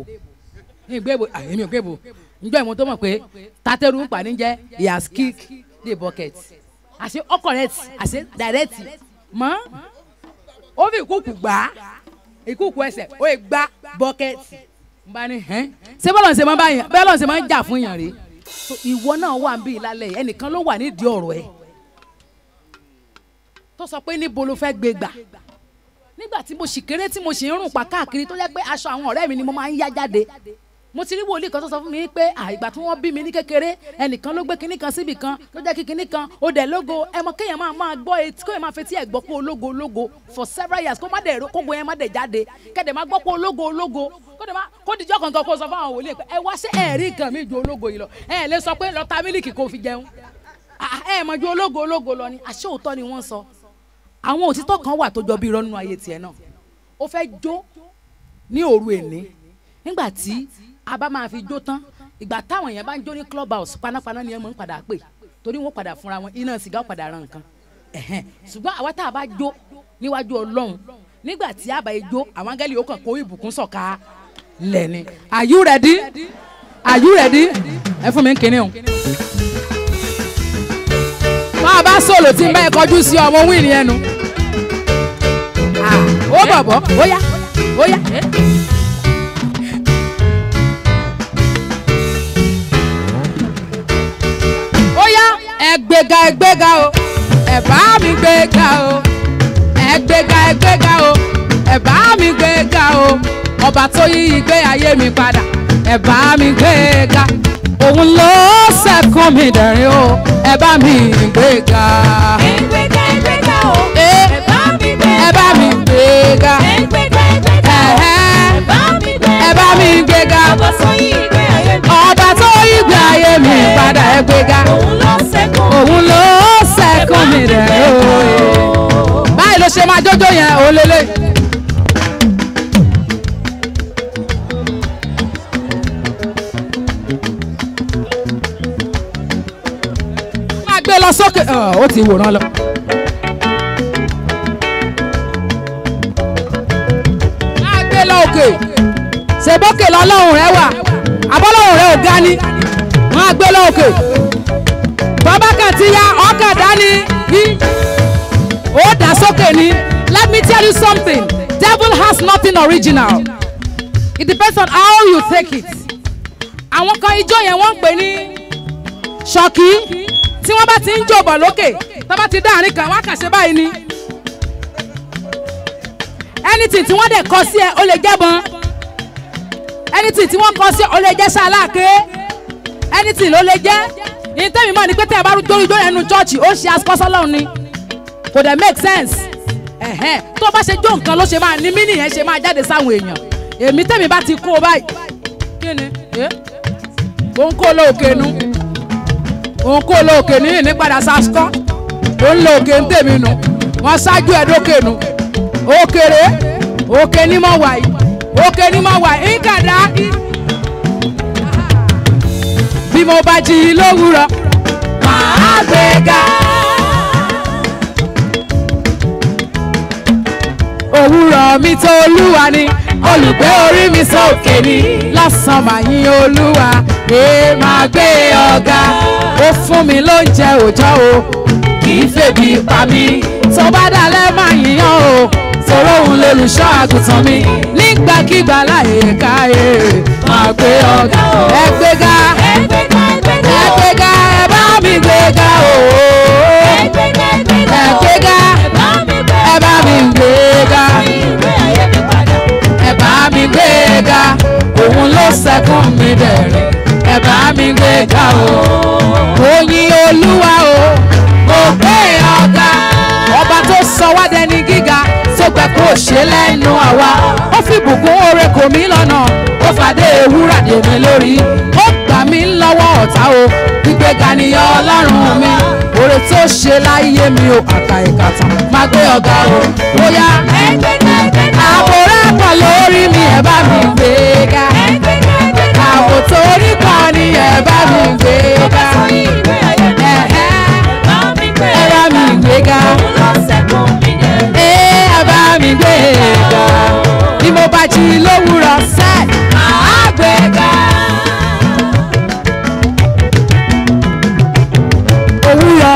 ìgbébò èmi ò gbébò ìjọ ìmú tó mọ̀ pé tatẹ́rù ń pa níjẹ́ he has kicked the bucket àṣẹ ọkọrẹtì àṣẹ dàrẹtì mọ ó fi ìkúùkù gbà á ìkúùkù ẹsẹ̀ ó gbà bucket. n bá ní hẹn ṣé bọ́lọ̀ ṣe máa ń jà fún yàn rèé ìwọ náà wà ń bí ìlàlẹ̀ ẹnìkan ló wà nídìí ọ̀rọ̀ ẹ̀ tó sọ pé níbo ló fẹ́ gbé gbà nígbà tí mo sì kéré tí mo sì ń rùn pa káàkiri tó jẹ́ pé aṣọ àwọn ọ̀rẹ́ mi ni mo máa ń yá jáde mo ti rí wòlíì kan tó sọ fún mi pé àìgbà tí wọ́n bí mi ní kékeré ẹnìkan ló gbé kinní kan síbì kan ló jẹ́ kí kinní kan ó dẹ̀ lógo ẹmọ kéèyàn máa máa gbọ́ etí kéèyàn máa fetí ẹ̀ gbọ́ pé ológo ológo for several years kó má dẹ̀ kógo yẹn má dẹ̀ jáde kẹ́dẹ̀ má gbọ́ pé ológo ológo kódẹ̀ má kó dijọ́ kankan kó sọ fún àwọn wòlíì pé ẹ wá ṣé ẹ rí nǹkan mi ju ológo yìí lọ ẹ lè sọ pé lọ ta mílìkì kó fi jẹun ẹ mọ̀ ju ni àṣé òótọ́ ni a bá máa fi jó tán ìgbà táwọn èèyàn bá ń jó ní club house panápaná ni ẹ mọ̀ ń padà pè torí wọn padà fúnra wọn iná sìgá padà ran nǹkan ṣùgbọ́n àwa tá a bá jó níwájú ọlọ́run nígbà tí a bá jó àwọn angẹ́lì yóò kàn kó ìbùkún sọ̀ka lẹ́ni are you ready are you ready ẹ fún mi ń kíní o máa bá sòlò tí n bá ẹ kọjú sí ọmọ wíìnì ẹnu ah, ó bọ̀bọ̀ ó yá ó yá. Eh? ẹgbẹ́ga ẹgbẹ́ga o ẹ mi gbẹ́ga o ẹgbẹ́ga ẹgbẹ́ga o ẹ bá mi gbẹ́ga o ọba tó yí ìgbé ayé mi padà ẹ mi gbẹ́ga òun ló ṣẹ̀kún mi dẹ̀rín o ẹ bá mi gbẹ́ga. ẹgbẹ́ga ẹgbẹ́ga o ẹ bá mi gbẹ́ga. ẹ yí ayé mi padà ẹ gbéga òun ló sẹ́kùn mi rẹ̀ ooo báyìí ló ṣe máa jójó yẹn òun lélẹ̀. máa gbé lọ sókè ó ti wòran lọ. ṣèbókè lọ́lọ́run rẹ wà abọ́lọ́run rẹ ò ga ni àgbélé òkè bàbá kan ti ya ọkàn dání bí ó dà sókè ni let me tell you something devil has nothing original it depends on how you take it àwọn kan ijó yẹn wọ́n ń pè ní ṣọ́kì tí wọ́n bá ti ń jòbọ̀ lókè tó bá ti dá àárín kan wọ́n á kà ṣe báyìí ni anything tí wọ́n dẹ̀ kọ sí ẹ ó lè jẹ́ bọ́n anything tí wọ́n kọ sí ẹ ó lè jẹ́ ṣáláàké anything ló lè jẹ́ ní tẹ́mi mọ̀ ni pé tẹ́ ẹ bá rú jórí jórí ẹnu chọ́ọ̀chì ó ṣe asikọ́sọ́lọ́run ni kò dẹ̀ make sense ẹ̀hẹ́n tó bá ṣe jó nǹkan ló ṣe máa ní mí nìyẹn ṣe máa jáde sáwọn èèyàn èmi tẹ́mi bá ti kó o báyìí kí ni òun kó lo òkè nu òun kó lo òkè nu yìí ní padà sasikọ́ òun lo òkè ń tèmi nu wọ́n ṣáájú ẹ̀dókè nu òkèrè òkè ni mo wà yìí òkè ni mo wà yìí ń kàdá yìí bí mo bá jí lówùúrọ̀. màá gbé òwúrọ̀ mi tó olúwa ni olùgbé orí mi sókè ni lásán màá olúwa èé máa gbé ọ̀gá ó fún mi lóúnjẹ òòjọ́ o kì í fèbí pa mí tó bá dalẹ̀ máa yìnyàn o tòró òun lolùṣọ́ àgùntàn mi nígbàkigbà láyé ká máa gbé ọ̀gá ẹgbẹ́gá gbéga ẹ mi gbéga ooo. ẹ gbéga ẹ mi gbéga. ẹ mi gbéga òun ló sẹ́kùn mi dẹ̀rẹ̀ ẹ bá mi gbéga ooo. oyin olúwa o mo gbé ọ̀gá ọba tó sọ wá dẹni gíga tó gbà kó ṣe lẹ́nu àwa ó fi bùkún oore kò mí lọ́nà ó fàdé ewúrà dèmi lórí ó gbà mí lọ́nà lọ́wọ́ ọ̀tá o gbígbéga nìyọ ọlọ́run mi oore tó ṣe láyé mi o àkà ìkàtà má gbé ọ̀gá o bóyá àbòrán kan lórí mi ẹ̀ bá mi gbéga àbò torí kan ni ẹ̀ bá mi gbéga ẹ̀ bá mi gbéga ẹ̀ bá mi gbéga bí mo bá jí lówùrọ̀ sẹ́ẹ̀ àgbéga.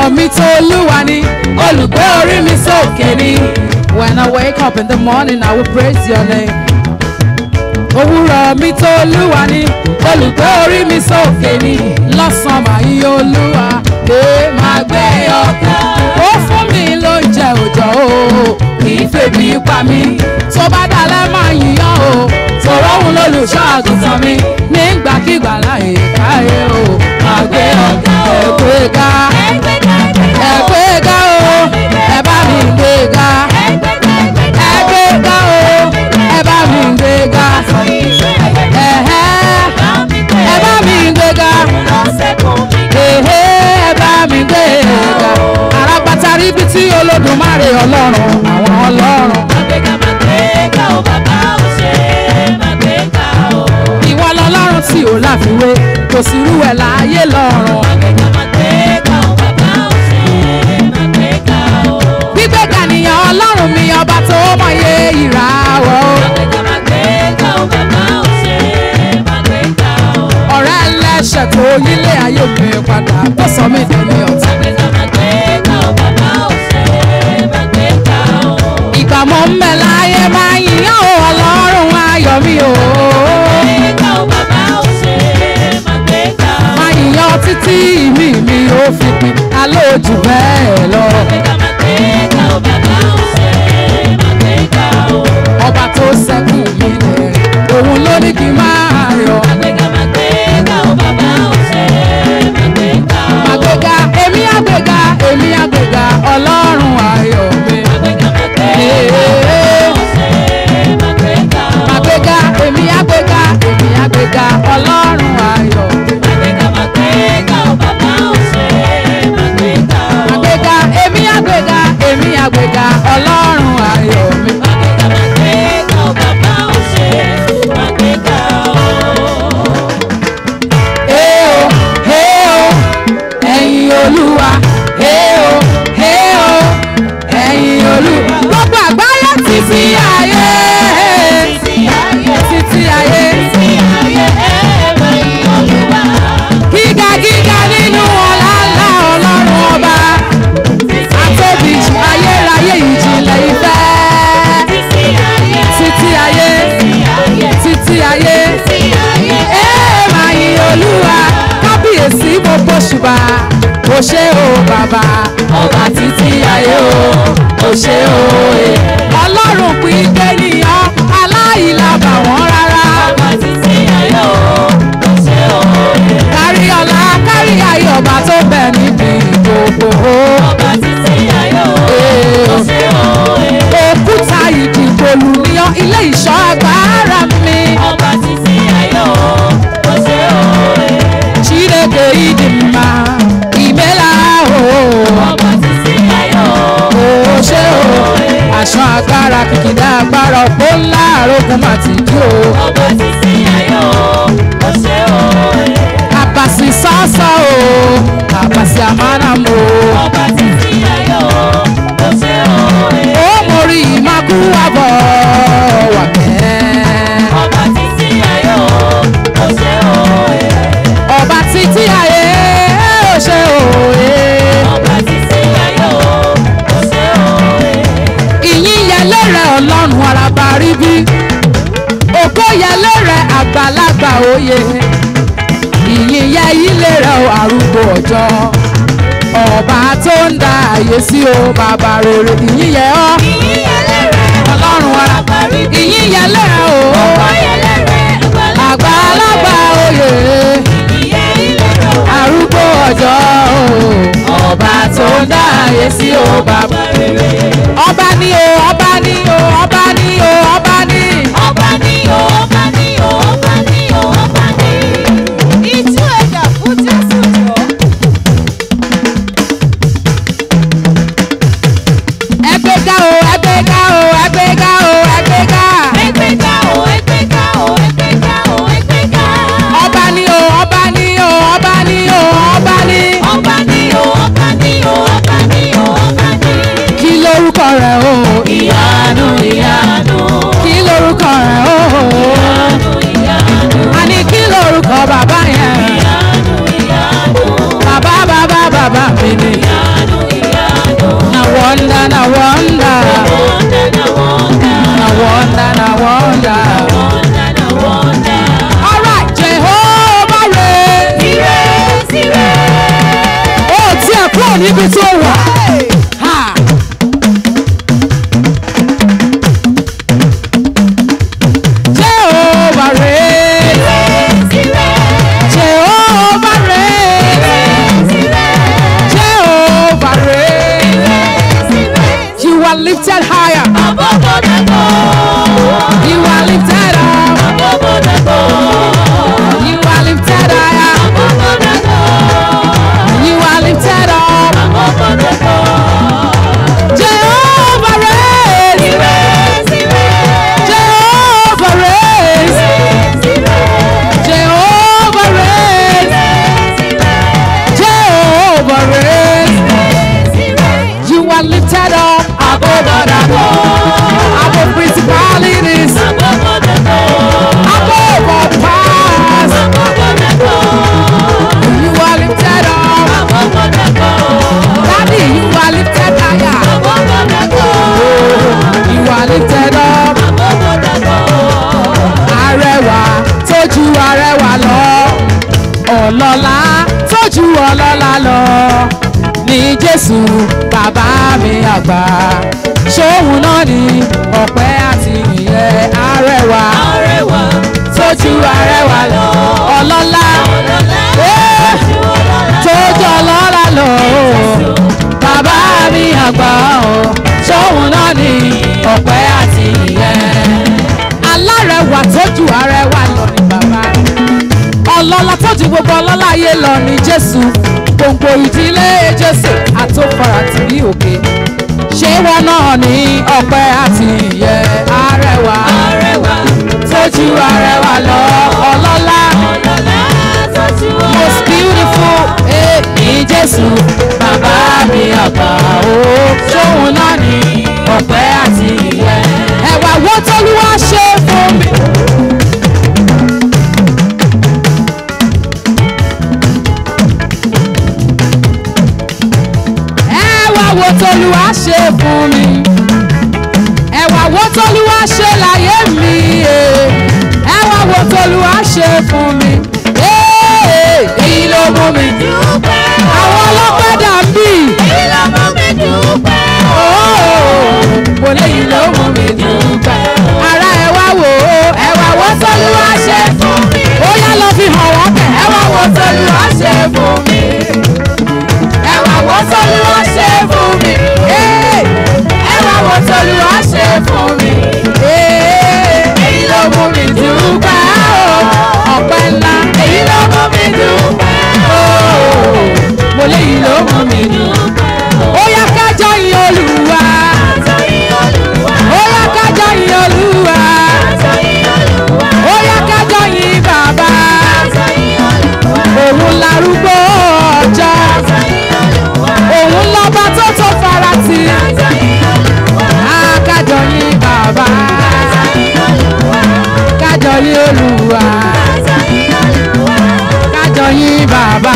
ọkàn mi tó olúwa ni olùgbé orí mi sókè ni. When I wake up in the morning I will praise your name. Òwúrọ̀ mi tó olúwa ni olùgbé orí mi sókè ni. Lọ́sàn-án màá yí olúwa lè máa gbé ọkàn. Ó fún mi lóúnjẹ òjò o, kì í pa mí. Tó bá dalẹ̀ máa yíyan o, tòró òun lolùṣọ́ àgùntàn mi. Nígbàkigbà láyé káyé o, máa gbé ọkàn o. Ẹ̀kú ẹ̀ka. olódùmarè ọlọ́run àwọn ọlọ́run. màgbéga màgbéga o bàbá ò ṣe màgbéga o. ìwọ lọlọ́run tí ò láfiwé kò sí irú ẹ̀ láyé lọ́run. màgbéga màgbéga o bàbá ò ṣe màgbéga o. gbígbéga nìyàn ọlọ́run mi ọba tó mọyé ìràwọ̀ o. màgbéga o bàbá ò ṣe màgbéga o. ọ̀rẹ́ ẹlẹ́ṣẹ̀ tó yílé ayé mi padà tó sọ mí dẹni ọ̀tá. mi o. Gbẹ̀gà ò bàbá ò ṣe má gbẹ̀gà. Má yíyan títí mi mi ó fi pin, ta ló jù bẹ́ẹ̀ lọ. Gbẹ̀gà má gbẹ̀gà ò bàbá o. Ọba tó ṣẹ́kù mi lẹ̀, òun ló ní kí n máa yọ̀. Gbẹ̀gà má gbẹ̀gà ò bàbá èmi àgbẹ̀gà, èmi àgbẹ̀gà, ọlọ́ alarm. ṣe òye. Ọlọ́run pín dẹ́ni. agbára ọ̀pọ̀ ńlá àrògùn máa ti dí o. ọba ti sin ayọ̀ ọ̀ṣẹ́ o. kàbàsì sọ́sọ́ o kàbàsì àmàlàmù o. ọba ti sin ayọ̀ ọ̀ṣẹ́ o. ó mórí ìmákú wà parí bí òkóyẹlé rẹ̀ àgbàlagbà òye ìyìnyẹ ilé rẹ̀ arúgbó ọjọ́ ọba tó ń da àyè sí o bàbá rere ìyìnyẹ ọ ọlọ́run ara ìyìnyẹ lẹ́rẹ̀ o àgbàlagbà òye arúgbó ọjọ́ ọba tó ń da àyè sí o bàbá ọba ni o ọba ni o ọba ni o ọba. 做我。ayé lọ ní Jésù gbogbo ìdílé Jésù àtòfara ti bí òkè ṣé wọn náà ní ọpẹ́ àti ìyẹ arẹwà arẹwà tójú arẹwà lọ ọlọ́lá ọlọ́lá tójú arẹwà most beautiful eh, ní Jésù bàbá mi àgbà ó oh, ṣóhun náà ní. tolúwa ṣe fún mi ẹwà wo tolúwa ṣe láyé mi eh? ẹwà wo tolúwa ṣe fún mi. lolúwa ṣe fún mi. èyí ló mú mi dúpẹ́ ọpẹ́ ńlá. èyí ló mú mi dúpẹ́ mo léyìí ló mú mi dúpẹ́. nítorí olúwa kájọ yìn bàbá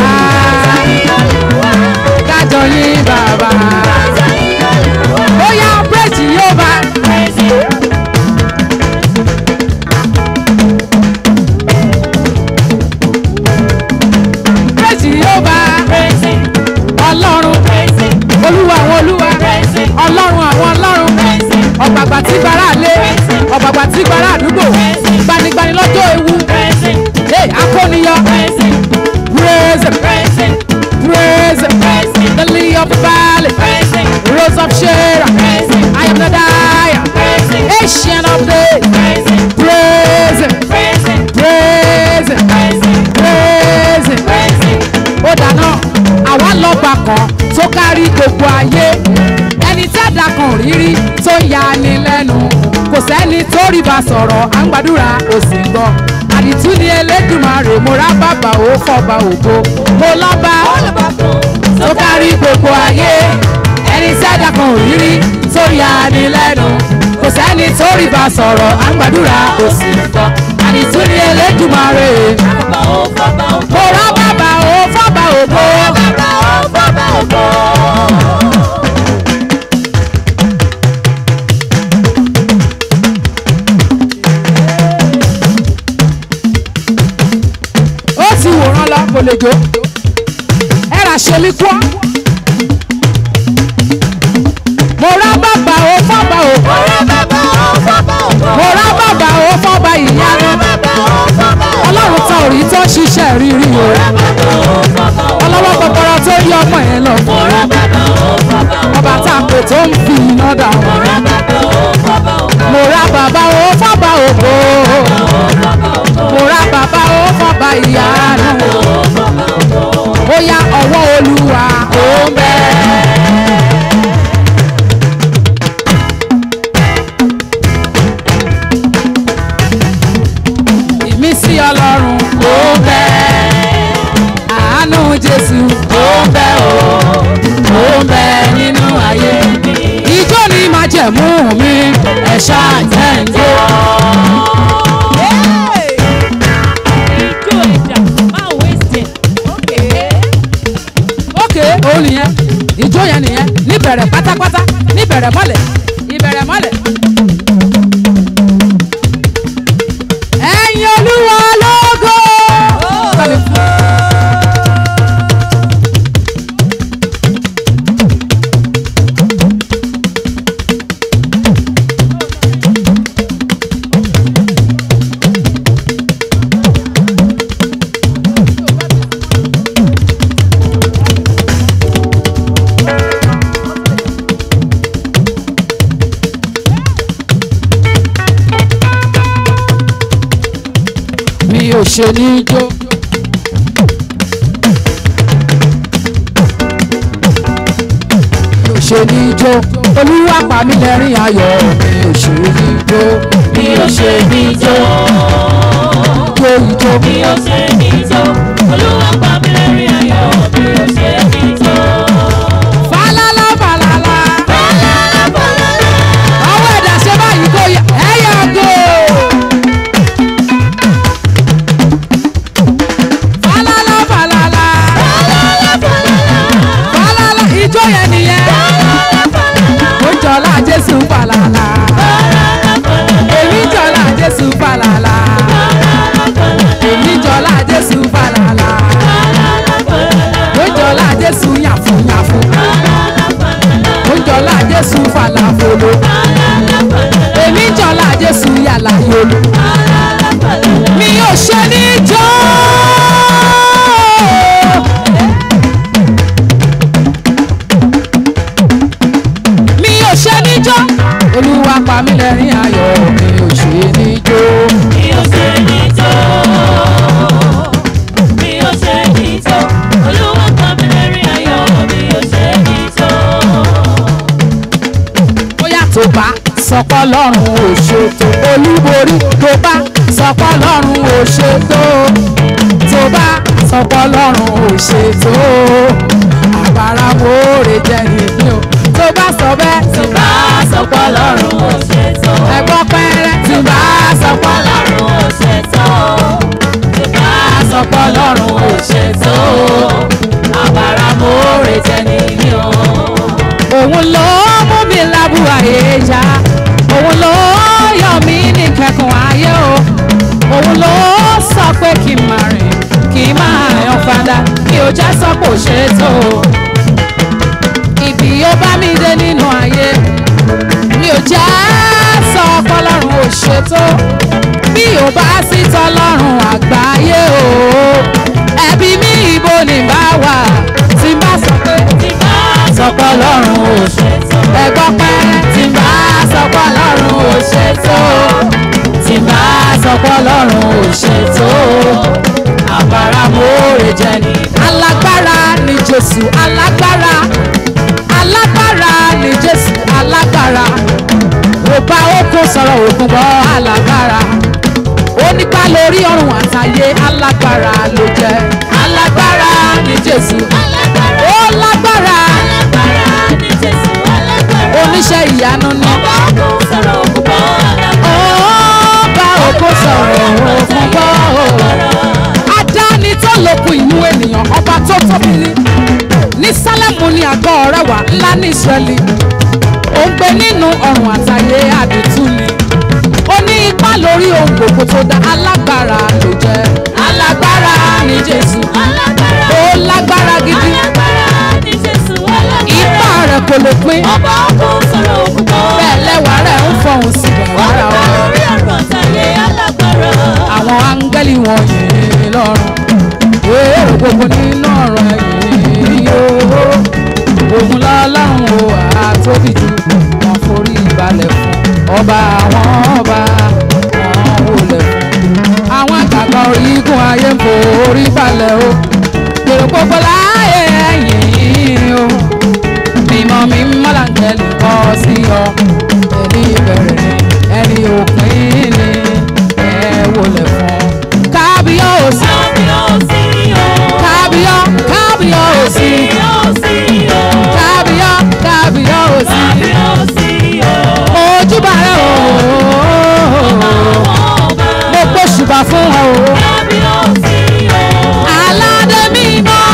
kájọ yìn bàbá. gbogbo ayé ẹni tẹ́dà kan rírí tó ya ni lẹ́nu kò sẹ́ni tó rí bá sọ̀rọ̀ à ń gbàdúrà ó ń gbọ́ àdìtú ni Elédùmarè mo rá bàbà ó fọba ògo mo lọ́ba tó kárí gbogbo ayé ẹni tẹ́dà kan rírí tó ya ni lẹ́nu kò sẹ́ni tó rí bá sọ̀rọ̀ à ń gbàdúrà ó ń gbọ́ àdìtú ni Elédùmarè mo rá bàbà ó fọba ògo bàbá ògo. ó ti wòran lọ kò lè jó ẹ rà ṣe mí kú ọ. ṣiṣẹ́ rírí o ọmọ ẹ lọ fún ọba tá a pè tó ń fi iná dà mo ra bàbá o fọba ògbó mo o, bàbá o o, o, fọba ìyá náà ó yá ọwọ́ olúwa ó ń bẹ́ẹ̀. májẹ̀mú mi ẹ̀ ṣàjẹ́ǹjẹ́. ókè òun nìyẹn ìjó yẹn nìyẹn níbẹ̀rẹ̀ pátápátá níbẹ̀rẹ̀ mọ́lẹ̀ ìbẹ̀rẹ̀ mọ́lẹ̀. ṣe ní jó. mi ò ṣe ní jó olúwa pa mí lẹ́rìn ayọ̀ mi ò ṣe ní jó. mi ò ṣe ní jó. jó ìjó mi ò ṣe ní jó olúwa pa. sọpọ́ lọ́rùn ò ṣètò olúborí tó bá sọpọ́ lọ́rùn ò ṣètò tó bá sọpọ́ lọ́rùn ò ṣètò àbára wo rè jẹ́ ìpín o tó bá sọ bẹ́ẹ̀ tí bá sọpọ́ lọ́rùn ò ṣètò ẹ̀gbọ́n pẹ́rẹ́ bá sọpọ́ lọ́rùn ò ṣètò bá sọpọ́ lọ́rùn ò jẹ́ sọ kò ṣe é tó ibi ó bá mi dé nínú ayé mi ò jẹ́ sọ fọlọ́run ò ṣe tó bí ò bá sí tọlọ́run àgbáyé o ẹbí mi ibo ní bá wà tí n bá sọ pé tí n bá sọ pé ọlọ́run ò ṣe tó ẹgbọ́ pẹ́ tí n bá sọ pé ò ṣe tó tí n bá sọ pé ò ṣe tó àpárá mòórè jẹ nìyí alágbára ni Jésù alágbára alágbára ni Jésù alágbára ó oko sọ̀rọ̀ ògùn bọ́ alágbára onípa lórí ọ̀run àtayé alágbára ló jẹ́ alágbára ni Jésù alágbára ó lágbára alágbára ni Jésù alágbára oníṣẹ́ ìyanu ni ó oko sọ̀rọ̀ ògùn bọ́ alágbára ó oko sọ̀rọ̀ ògùn bọ́ alágbára ẹni tó lòkun ìlú ènìyàn ọba tó tóbi rí ní sálẹ̀mù ni àgọ́ ọ̀rẹ́ wà ńlá ní ìsírẹ́lì ó ń gbé nínú ọ̀run àtàyè àdìtú ni ó ní ipá lórí ohun gbogbo tó dá alágbára ló jẹ́ alágbára ni Jésù ó lágbára gidi ipá rẹ̀ kò lè pín bẹ́ẹ̀ lẹ́wà rẹ̀ ń fọhùn sí wàrà ọ̀rọ̀ àwọn áńgẹ́lì wọ̀nyí lọ́rùn gbogbo nínú ọ̀rọ̀ ẹ̀yìn yóò òun láláhùn o àtóbi jù wọn forí balẹ̀ fún ọba àwọn ọba wọn ò lẹ̀ fún àwọn àgbàgbà orígun ayé ń forí balẹ̀ o èrò gbogbo láàyè ẹ̀yìn o mímọ́ mímọ́ làǹkẹ́ lè kọ́ sí ọ ẹni ìbẹ̀rẹ̀ ẹni òpin. òsì tàbíyọ tàbíyọ òsì ojúbà rẹ o mo gbóṣùbà fún ọ o aládé mímọ́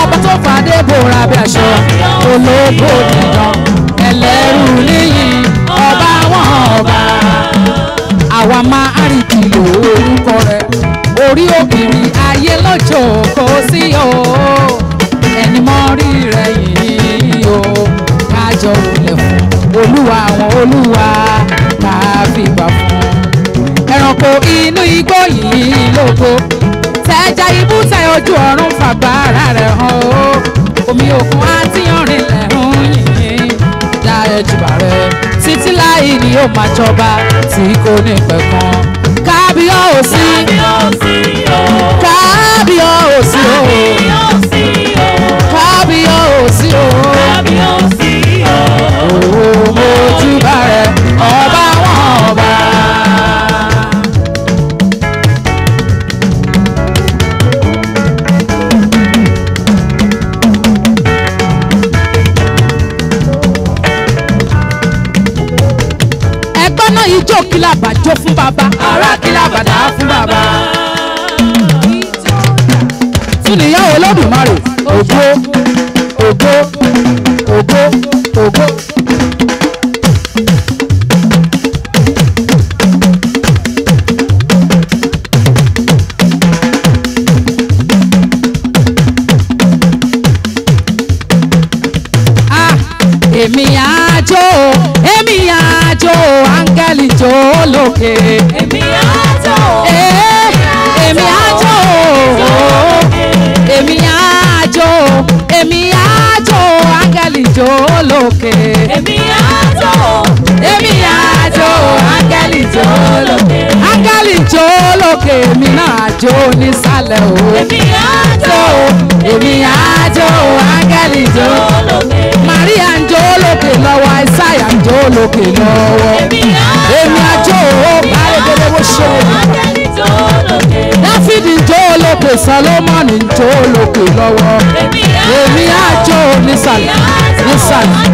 ọba tó fàdé bòrà bí aṣọ olóbó nìkan ẹlẹ́rù níyì ọba wọn ọba àwa máa rìn kìlò ooru orí obìnrin ayé lọ́jọ́ kò sí o ẹni mọ́ rí rẹ̀ yìí o kájọ wọlé fún olúwa àwọn olúwa tá a fi gbà fún ẹranko inú igbó yìí lógo tẹ́já ibùsẹ̀ ojú ọ̀run fàgbára rẹ̀ hàn o omi òkun àti ọ̀rìn lẹ́hún yìnyín dá ẹjùbà rẹ̀ títí láì ni ó máa jọba tí kò ní pẹ̀kan kábíyọ̀sí kábíyọ̀sí o kábíyọ̀sí o. làbà jó fún bàbá. ara kí làbà dá fún bàbá. tún nìyá olódùmarè ògbó. nísàlẹ̀ o. èmi àjò èmi àjò áńgẹ́lì jó lókè. Màríà ń jó lókè lọ́wọ́ Àìsáyà ń jó lókè lọ́wọ́. èmi àjò àrègbèrè wo ṣe o. Dáfídì jó lókè Sọlọ́mọ́nì ń jó lókè lọ́wọ́. èmi àjò nísàlẹ̀ nísàlẹ̀.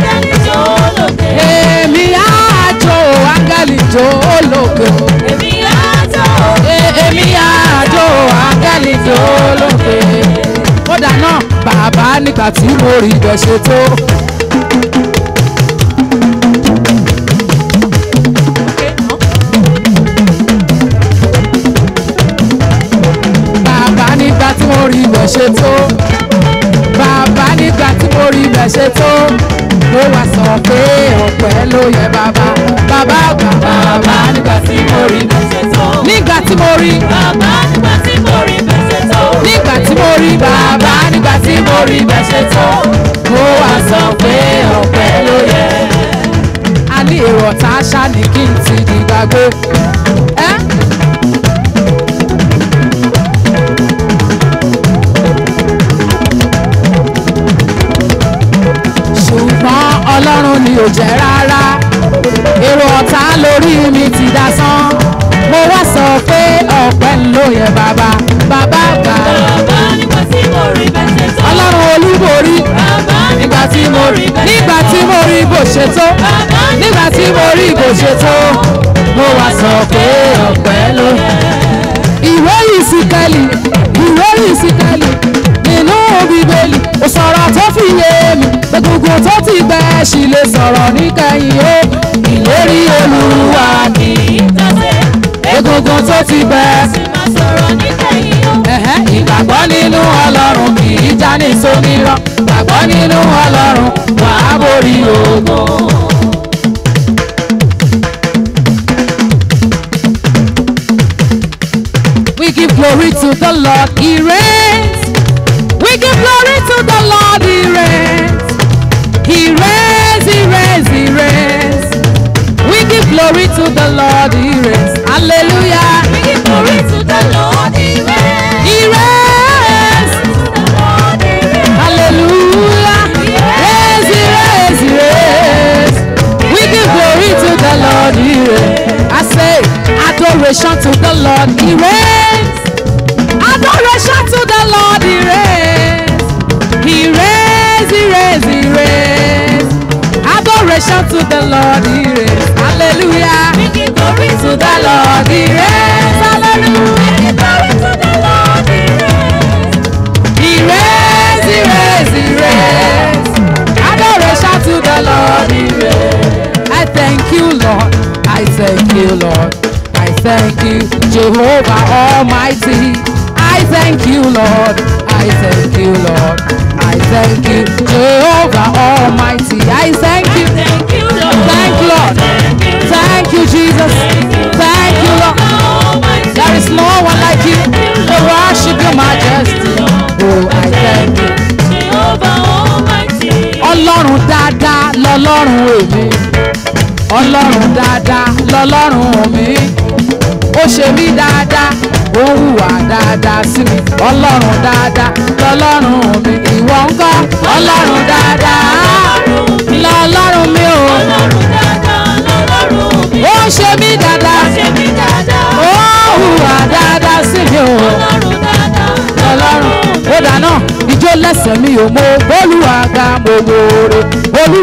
èmi àjò áńgẹ́lì jó lókè. tí mo rí bẹ́ ṣe tó. bàbá nígbà tí mo rí bẹ́ ṣe tó. bàbá nígbà tí mo rí bẹ́ ṣe tó. mo wá sọ pé ọpẹ́ ló yẹ bàbá. bàbá àgbà bàbá nígbà tí mo rí bẹ́ ṣe tó. nígbà tí mo rí. bàbá nígbà. tí mo rí bẹ́ẹ̀ ṣe tán mo wá sọ pé ọpẹ́ ló yẹ. a ní èrò ọ̀tá aṣá ni kí n ti di gbàgbé. ṣùgbọ́n ọlọ́run ni ò jẹ́ rárá èrò ọ̀tá lórí mi ti dá sán mo wá sọ pé ọpẹ́ ló yẹ bàbá bàbá bàbá ọlọ́run olúborí nígbà tí mo rí nígbà tí mo rí bó ṣe tó nígbà tí mo rí bó ṣe tó mo wá sọ pé ọpẹ́ ló. ìwé ìsìkẹ́lì ìwé ìsìkẹ́lì nínú bíbélì ó tó fi yé mi gbogbo tó ti gbẹ ṣì lè sọ̀rọ̀ níkẹyìn o ìlérí olúwa kì í tẹ̀sẹ̀ egungun tó ti bẹ́. ìgbàgbọ́ nínú ọlọ́run kì í já ní sómírọ́ ìgbàgbọ́ nínú ọlọ́run wàá borí ogun. We give glory to the Lord, He reigns. We give glory to the Lord, He reigns. He reigns, He reigns, He reigns give glory to the Lord, He reigns. Hallelujah. We give glory to the Lord, He reigns. He reigns. Hallelujah. He reigns, He reigns, He reigns. We give glory to the Lord, He reigns. I say, adoration to the Lord, He reigns. Adoration to the Lord, He reigns. He reigns, He reigns, He reigns. Adoration to the Lord, He reigns hallelujah. We give glory to the Lord, he reigns, hallelujah. We give glory to the Lord, he reigns. He reigns, he reigns, he reigns. Adoration to the Lord, he reigns. I thank you, Lord. I thank you, Lord. I thank you, Jehovah Almighty. I thank you, Lord. I thank you, Lord. I thank you, Jehovah Almighty. I thank you. Thank you, Lord. Thank you, Jesus. Thank you, Lord. There is no one like you. We worship your majesty. Oh, I thank you. Ọlọ́run dáadáa lọ́lọ́run èmi. Ọlọ́run dáadáa lọ́lọ́run mi. Ó ṣe mí dáadáa ó hùwà dáadáa sí mi ọlọ́run dáadáa lọ́lọ́run mi ìwọ ń kọ́ ọlọ́run dáadáa lọ́lọ́run mi ò ó ṣe mí dáadáa ó hùwà dáadáa sí mi ò lọ́lọ́run ó dáná ijó lẹ́sẹ̀ mi ò mọ olúwa ga mo wòore olú.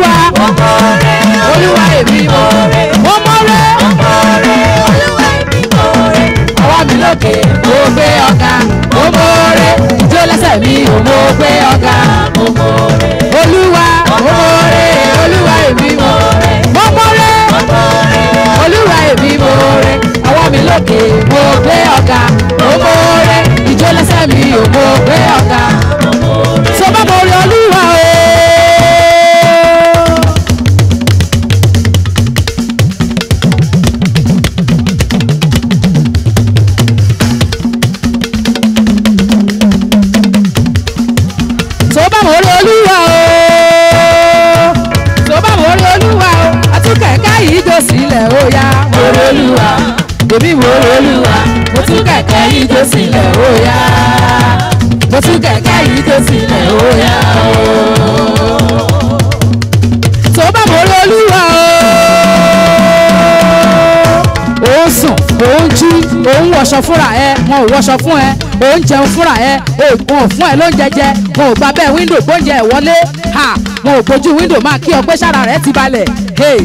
wọn ò wọṣọ fún ẹ ò ń jẹun fúnra ẹ wọn ò fún ẹ ló ń jẹjẹ wọn ò gba bẹ́ẹ̀ wíńdò gbóúnjẹ ẹ wọlé ha wọn ò gbójú wíńdò máa kí ọ sára rẹ ti balẹ̀ hey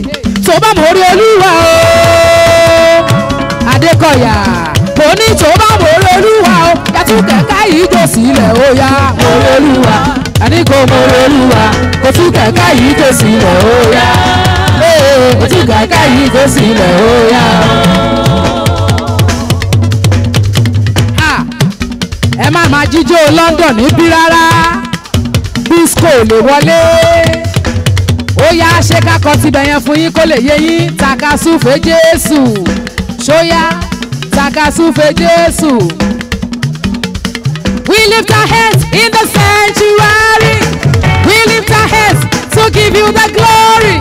tó bá mọ orí olúwa o adékọ̀yà kò ní tó bá mọ orí olúwa o yàtú kẹ̀kẹ́ yìí jò sílẹ̀ ó yá orí olúwa àníkò mọ orí olúwa kò tún kẹ̀kẹ́ yìí jò sílẹ̀ ó yá kò tún kẹ̀kẹ́ yìí jò sílẹ̀ ó yá. ẹ má máa jíjó London níbí rárá bisco lè wọlé ó yá ṣé ká tibẹ̀ yẹn fún yín kó lè yé yín takasúfe Jésù ṣóyá takasúfe Jésù. We lift our heads in the sanctuary. We lift our heads to give you the glory.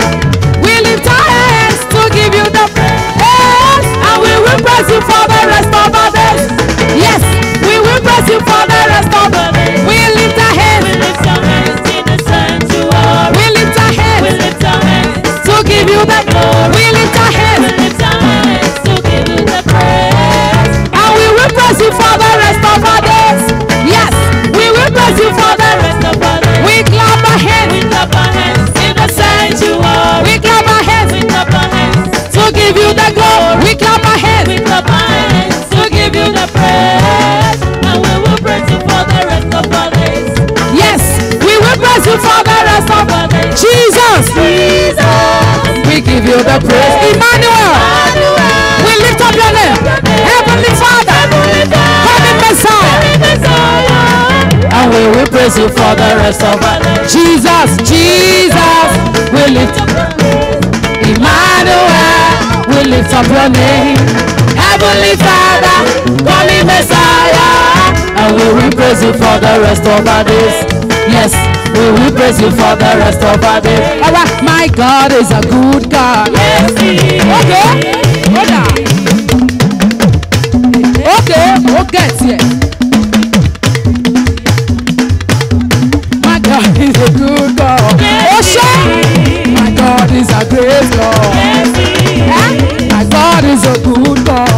We lift our heads to give you the praise. And we will praise you for the rest of our days. Yes. you for the rest of the day. We lift our hands. We lift our hands in the sanctuary. We lift our hands. We lift our hands to give you the glory. Jesus. Jesus. We give you the praise. Emmanuel. Emmanuel. We lift up your name. Heavenly Father. Holy Messiah. And we will praise you for the rest of our life. Jesus. Jesus. We lift up your name. Emmanuel. We lift up your name. Heavenly Father. Holy Messiah. And we will praise you for the rest of our days. Yes. May we praise you for the rest of our day. All right, my God is a good God. Yes, he is. Okay, hold on. Okay, okay, yes. My God is a good God. Yes, My God is a great God. Yes, eh? My God is a good God.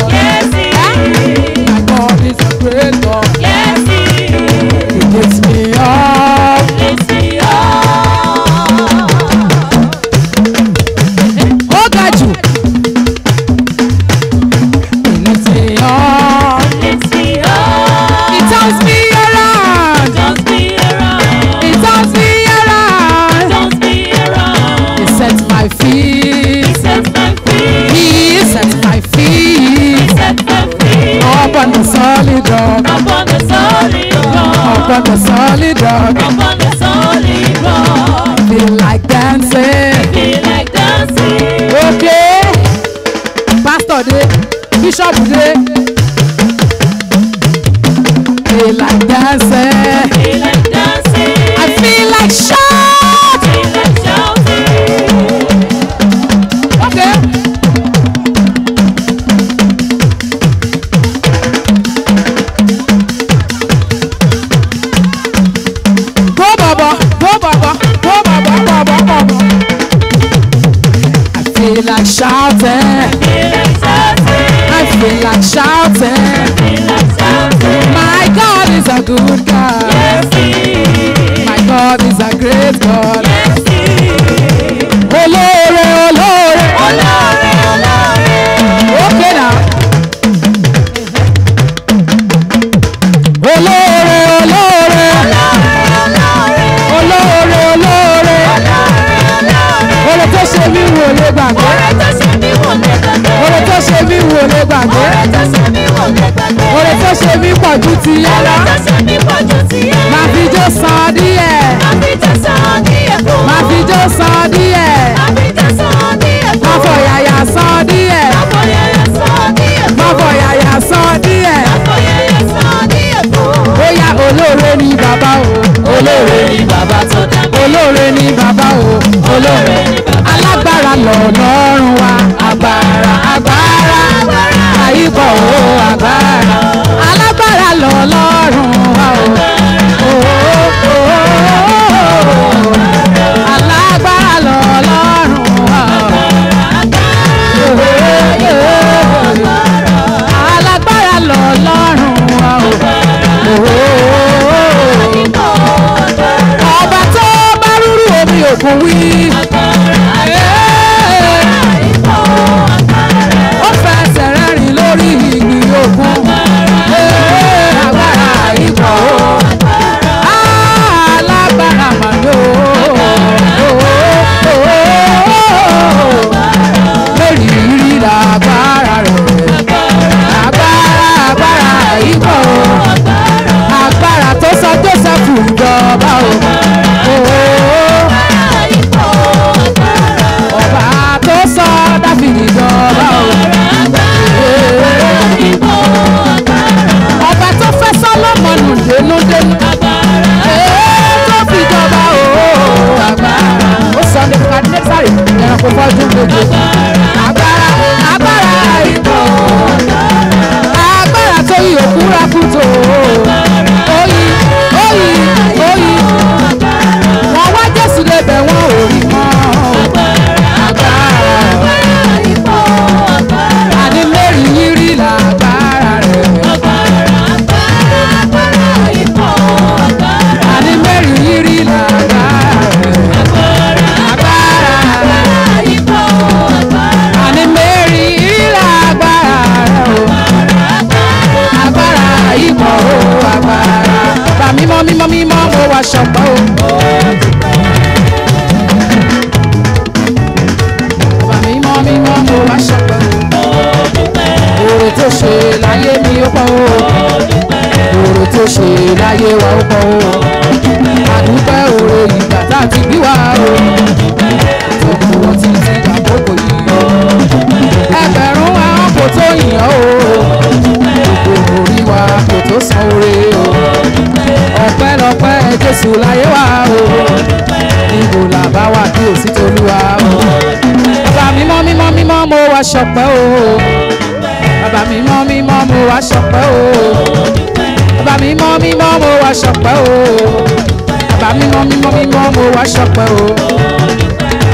Olúwa ṣọpẹ́ o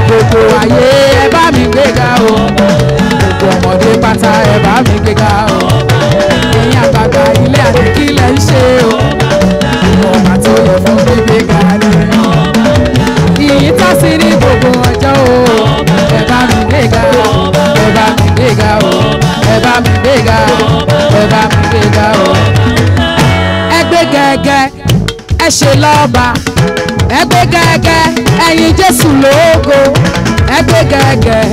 gbogbo ayé ẹ bá mi gbéga o gbogbo ọmọdé pátá ẹ bá mi gbéga o ẹ̀yin àgbàgbà ilé àti kílẹ̀ ń ṣe o ọmọ tó yẹ fún bíbí gàdá ìyìn tó sì ní gbogbo ọjọ́ o ẹ bá mi gbéga o ẹ bá mi gbéga o ẹ bá mi gbéga o ẹ bá mi gbéga o ẹ gbé gẹ́gẹ́ ẹ ṣe lọ́ba ẹ̀yin Jésù lógo ẹ gbé gẹ́gẹ́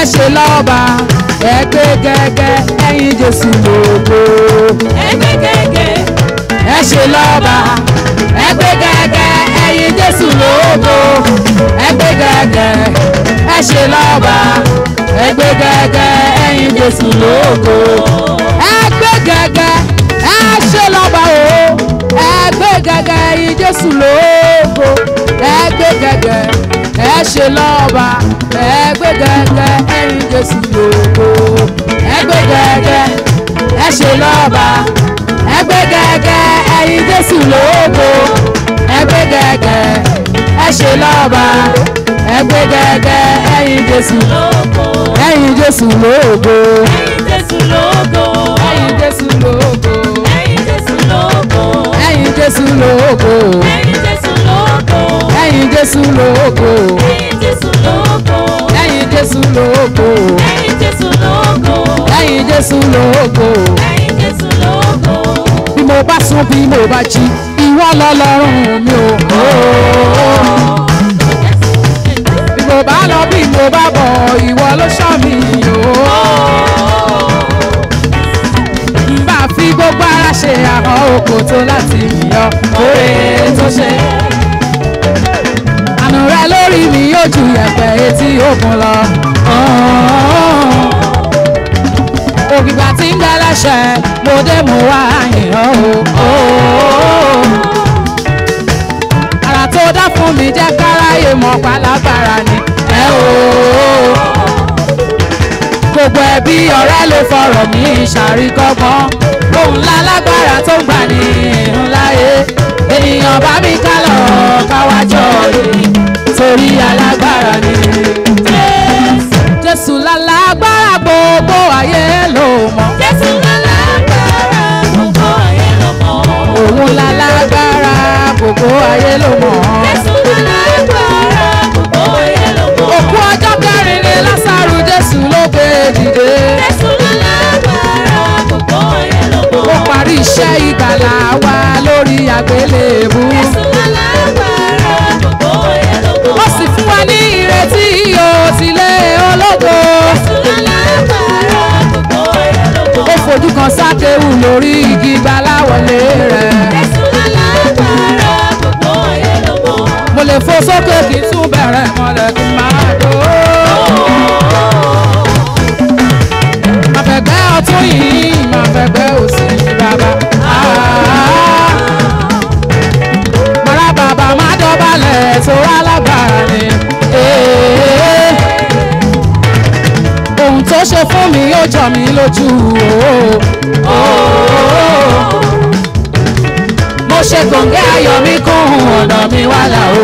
ẹ ṣe lọ́ba ẹ gbé gẹ́gẹ́ ẹ̀yin Jésù lógo ẹ gbé gẹ́gẹ́ ẹ ṣe lọ́ba ẹ gbé gẹ́gẹ́ ẹ̀yin Jésù lógo ẹ gbé gẹ́gẹ́ ẹ ṣe lọ́ba ẹ gbé gẹ́gẹ́ ẹ̀yin Jésù lógo ẹ gbé gẹ́gẹ́ ẹ ṣe lọ́ba o ẹ gbé gẹ́gẹ́ ẹ̀yin Jésù lógo ẹ gbé gẹ̀gẹ̀ ẹ ṣe lọ́ba ẹ gbé gẹ̀gẹ̀ ẹyin Jésù yòókù ẹ gbé gẹ̀gẹ̀ ẹ ṣe lọ́ba ẹ gbé gẹ̀gẹ̀ ẹyin Jésù lóòkù ẹ gbé gẹ̀gẹ̀ ẹ ṣe lọ́ba ẹ gbé ẹyin Jésù lóòkù ẹyin Jésù lóòkù ẹyin Jésù lóòkù ẹyin Jésù lóòkù ẹyin Jésù lóòkù ẹyin Jésù lóòkù lógo. lẹ́yìn jésù lógo. lẹ́yìn jésù lógo. lẹ́yìn jésù lógo. lẹ́yìn jésù lógo. lẹ́yìn jésù lógo. lẹ́yìn jésù lógo. bí mo bá sùn bí mo bá jí ìwọ lọ́lọ́run mi ò. bí mo bá lọ bí mo bá bọ̀ ìwọ ló ṣọ́ mi ò fi gbogbo ara ṣe àwọn òkò tó láti yọ oore tó ṣe ìdùnnú rẹ lórí mi yóò ju yẹ̀pẹ̀ etí òkun lọ. Oh. ògìgbà tí ń dẹ́lẹ́sẹ̀ mo dé mo wá yìnyín o. Oh. àrà tó dá fún mi jẹ́ káráyé mọ̀ pálábàrà ni ẹ o. gbogbo ẹbí ọ̀rẹ́ ló fọ̀rọ̀ mí ìṣàríkọ́gbọ́n ohun ńlá lágbára tó gbà ní ìhùn láyé ènìyàn bá mi kálọ̀ káwájọ́ yìí. jọ mí lójú o. mo ṣe gbòǹgẹ́ ayọ̀ mi kún ọ̀nà mi wà láwo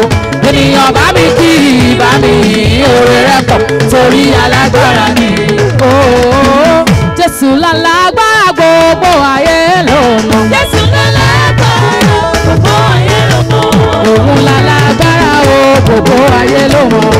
ènìyàn bá mi kí ìbá mi òwe rẹ pọ̀ torí alágbára ni. Jésù lálágbára gbogbo ayé lòun. Jésù lálágbára gbogbo ayé lòun. Òun lálágbára o gbogbo ayé lòun.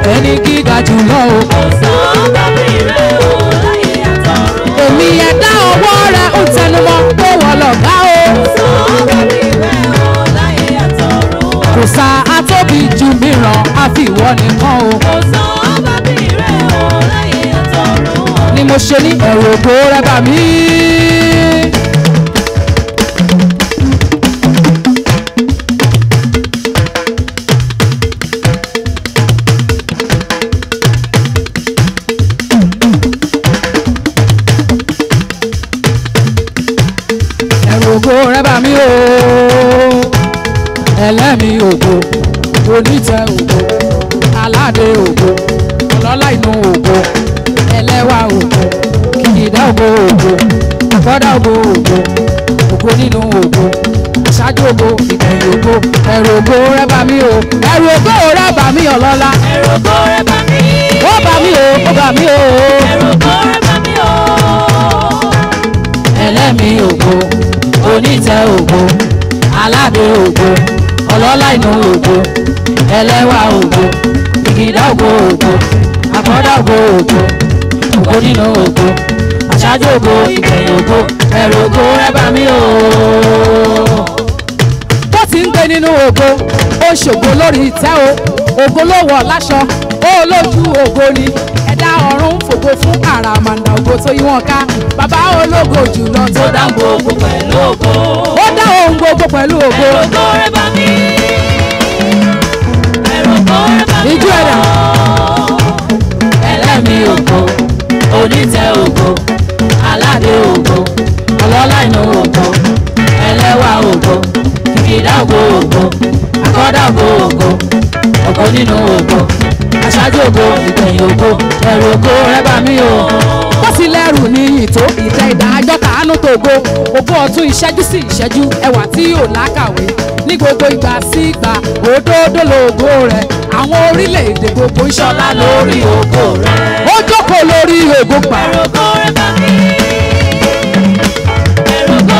Àkẹ́ ní gíga jùlọ o. ọ̀sán bàbí rẹ̀ o láyé àtọ̀run. èmi ẹ̀dá ọwọ́ rẹ̀ ń tẹnumọ́ pé wọ́n lọ̀gá o. ọ̀sán bàbí rẹ̀ o láyé àtọ̀run. kò sa atóbi ju mìíràn àfi ìwọ nìkan o. ọ̀sán ni mo ṣe ní ẹ̀rọ ògbó rẹ̀ bà mí. bọ́dà ògo ògo ògo nínú ògo ṣáájú ògo ìgbẹ̀yìn ògo ẹ̀rù ògo rẹ bá mi o ẹ̀rù ògo rẹ bá ọlọ́lá ẹ̀rù ògo rẹ bá o ó bá o ẹ̀rù ògo rẹ bá o ẹlẹ́mi ògo onítẹ̀ ògo aládé ògo ọlọ́lá inú ògo ẹlẹ́wà ògo ìgìdá ògo ògo àkọ́dá ògo ògo ògo nínú ògo alájòbó ìgbẹ̀yìn ògbó ẹ̀rù ògbó ẹ bá mi o. bó ti ń gbé nínú ògbó ó ṣògo lórí ìtẹ́ o ògbó ló wọ̀ láṣọ ó lójú ògbó ni ẹ̀dá ọ̀run fògo fún àràmàǹdà ògbó tó yí wọn ká bàbá ológo jùlọ tó dá gbogbo pẹ̀lú ògbó. ó dá ohun gbogbo pẹ̀lú ògbó. ẹ̀rù ògbó ẹ bá mi. ẹ̀rù ògbó mi. ìjú ẹ̀dá. ẹlẹ́mi ògbó onítẹ̀ ògbó ẹnu ògo ẹlẹ́wà ògo kìkìdá ògo ògo akọ́dá ògo ògo ògo nínú ògo aṣáájú ògo ìgbẹ̀yìn ògo ẹrù ògo rẹ bá mi o. wọ́n sì lẹ́rù ní ìtó ìtẹ́ ìdá àjọta àánú tògo ògo ọ̀tún ìṣẹ́jú sí ìṣẹ́jú ẹwà tí yóò lákàwé ní gbogbo ìgbà sí ìgbà òdòdó lògo rẹ̀ àwọn orílẹ̀-èdè gbogbo ń lórí ògo rẹ̀. ó jókòó lórí ògo pàrọ̀. ẹrù ògo rẹ bá mi.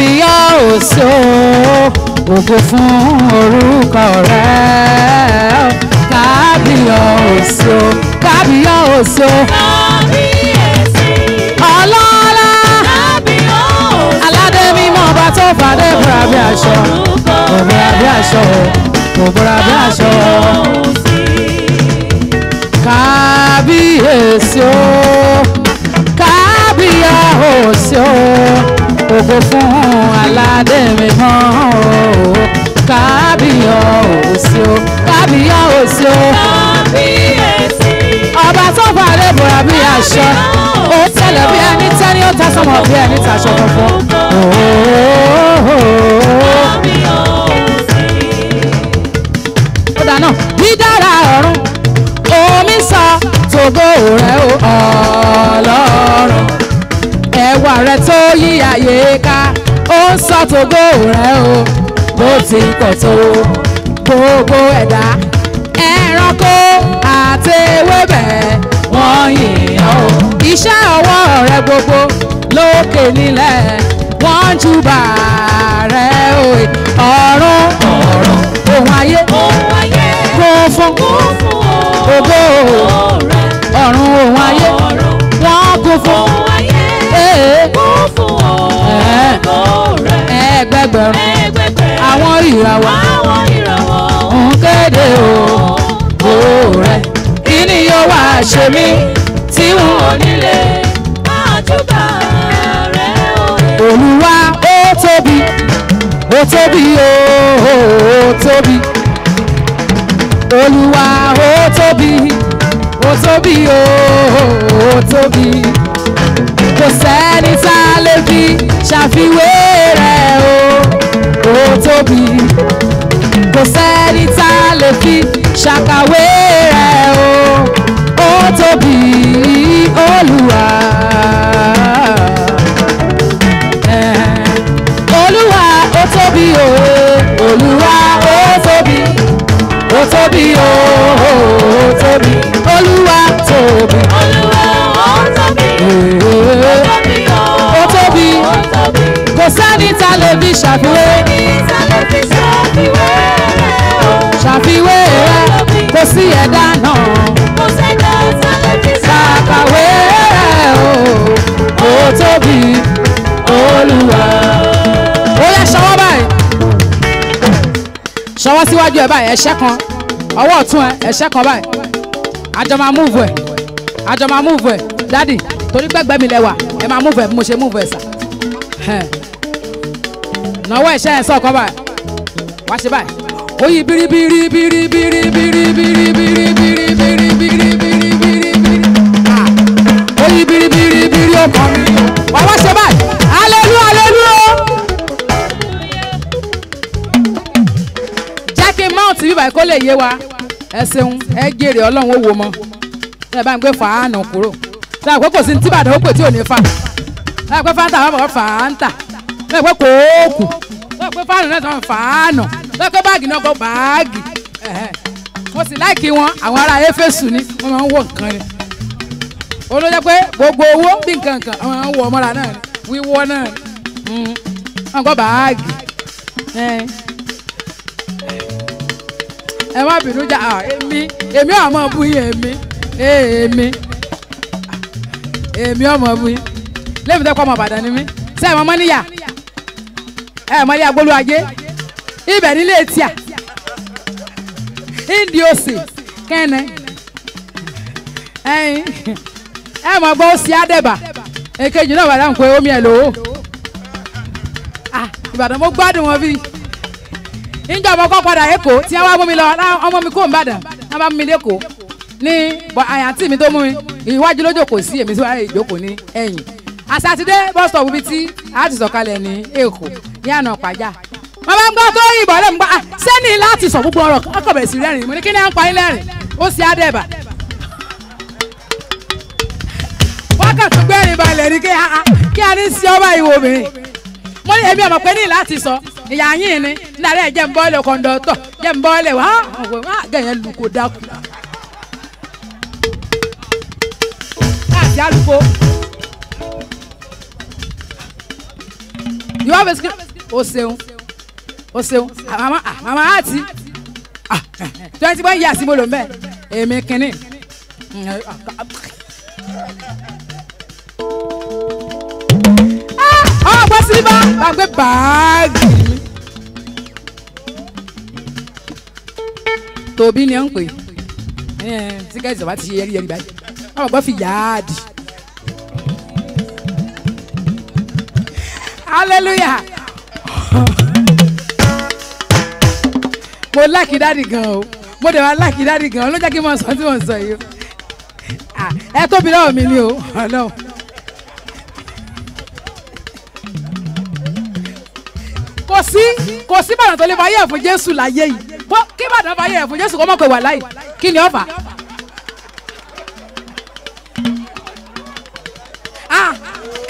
àbíyá òsó ògo fún orúkọ rẹ̀ kábíyá òsó kábíyá òsó. ọlọ́lá aládé mímọ́ bá tó fàdé bùrà bí aṣọ bùrà bí aṣọ bùrà bí aṣọ. kábíyèsí o kábíyá ògo fún aládé mímọ́ o kábíyọ̀sí o kábíyọ̀sí o ọba tó fàdé bòrà bí aṣọ ó tẹ̀lé bí ẹni tẹ́ni ó tasọmọ bí ẹni taṣọ funfun ó dáná dídára ọ̀run omi sọ tògo rẹ̀ o ọlọ́run ẹwà rẹ tó yí ayé ká ó ń sọ tògó rẹ o bó ti pọ̀ tó gbogbo ẹ̀dá ẹranko àti ewébẹ̀ wọ́n yìn ọ́ iṣẹ́ ọwọ́ rẹ gbogbo lókè nílẹ̀ wọ́n ń júbà rẹ o ọ̀run ọ̀run ohun ayé kún fún ògo ọ̀run ohun ayé wọ́n kún fún kó fún ọ̀rọ̀ rẹ̀ ẹgbẹgbẹ̀rún àwọn ìràwọ̀ ń kéde ògo rẹ̀ kí ni yóò wá ṣe mí tí n ò nílé àjùbà rẹ̀ òye. Olúwa ó tóbi ó tóbi ó tóbi Olúwa ó tóbi ó tóbi ó tóbi kò sẹ́ni tá a lè fi ṣàfiwé rẹ̀ o ó tóbi kò sẹ́ni tá a lè fi ṣàkàwé rẹ̀ o ó tóbi olúwa. Eh, olúwa ó tóbi o olúwa ó tóbi ó tóbi o ó tóbi olúwa tóbi. olúwa ó tóbi kò sẹ́ni tá lè fi ṣàfiwé ṣàfiwé rẹ̀ kò sí ẹ̀dá náà ṣàkàwé rẹ̀ ó tóbi olúwa. ó yẹ ṣọwọ́ báyìí ṣọwọ́ síwájú ẹ̀ báyìí ẹ̀ṣẹ́ kan ọwọ́ ọ̀tún ẹ̀ ẹ̀ṣẹ́ kan báyìí àjọ máa múùfù ẹ̀ dádì torí gbẹgbẹ mi lẹwà ẹ máa múfẹ bí mo ṣe múfẹ sà náwó ẹṣẹ ẹ sọkọ báyìí wá ṣe báyìí ó yí biribiri biribiri biribiri biribiri biribiri biribiri ó yí biribiri biri ọkọ mi wá wá ṣe báyìí alelu alelu o. jẹ́ kí mount bíbá kó lè yé wa ẹ ṣeun ẹ jèrè ọlọ́run ó wo mọ́ ẹ bá ń gbé fàánù kúrò láàpẹ kò sí ní tíbàdàn ó pè tí ò ní fa láàpẹ fanta àwọn ọmọ fanta láàpẹ kòókù láàpẹ fáànù náà sọ fáànù láàpẹ báàgì náà kọ báàgì mo sì láìkí wọn àwọn ará éfésù ni wọn máa ń wọ nǹkan ni olóyè pé gbogbo owó bí nǹkan nǹkan àwọn máa ń wọ ọmọra náà wíwọ náà hmm. wọn kọ báàgì ẹ má bínú já ah, èmi èmi àwọn ọmọ bú yín èmi èmi èmi ọmọ ẹbú yín lẹ́mi tẹ́ kọ́ ọmọ Ìbàdàn ni mí ṣé ẹ̀ mọ́ mọ́níyà ẹ̀ mọ́níyà gbólúwàjé ibẹ̀ nílé tíà indi òsì kẹ́ni ẹ̀yin ẹ̀ mọ́ gbọ́ òsì àdẹ̀bà èkejì náà bàdà ń pe omi ẹ̀ lòó ah, Ìbàdàn mo gbádùn wọn bí níjọ́ ọmọ kọ́ padà Èkó tí wọ́n wá mú mi lọ ọmọ mi kó ń bàdàn wọ́n bá mú mi lẹ́kọ̀ọ́ ní àyàntì mi tó mú mi. ìwájú lójó kò sí èmi tí wàá ìjókòó ní ẹ̀yìn àsátidé bọ́sítọ̀ wíbi tí a ti sọ̀kalẹ̀ ní èkó ní àná pàjá wọn bá ń gbọ́ tó yìnbọn lẹ́mu gbọ́ sẹ́ni ah, láti sọ gbogbo ọ̀rọ̀ akọ̀bẹ̀ sí rẹ́rìn mo ní kí ni à ń pa yín lẹ́rìn ó sì á dẹ̀bà wákàtí gbẹ́rìn balẹ̀ ní kí a ní sí ọba ìwò obìnrin mo ní èmi ọmọ sọ ìyá yín ni jẹ́ ń bọ́ọ̀lù dárúkọ. you a script. o ṣeun o ṣeun mama ah, mama ati ah, twenty one years mo lò mbẹ èmi kìíní. ọ Ah, sílíbà bá gbé báàgì mi. tòbí ni ẹ ń Eh, é tíkẹ́ẹ̀tì ọba ti yẹ yẹri yẹri báyìí a ɔba fi gyaa hallelujah mo láàkì dáàdì gan o mo dẹ̀ wá láàkì dáàdì gan o ló jẹ́ kí n mọ sọ tí mo sọ yìí ẹ tóbi lọ́wọ́ mi ni o ọlọ́wọ́. kò sí kò sí bàtà tó lè fà yẹ̀ fún Jésù láyé yìí kí bàtà fà yẹ̀ fún Jésù kó mọ̀ pé wà láyé kí ni ọ̀fà.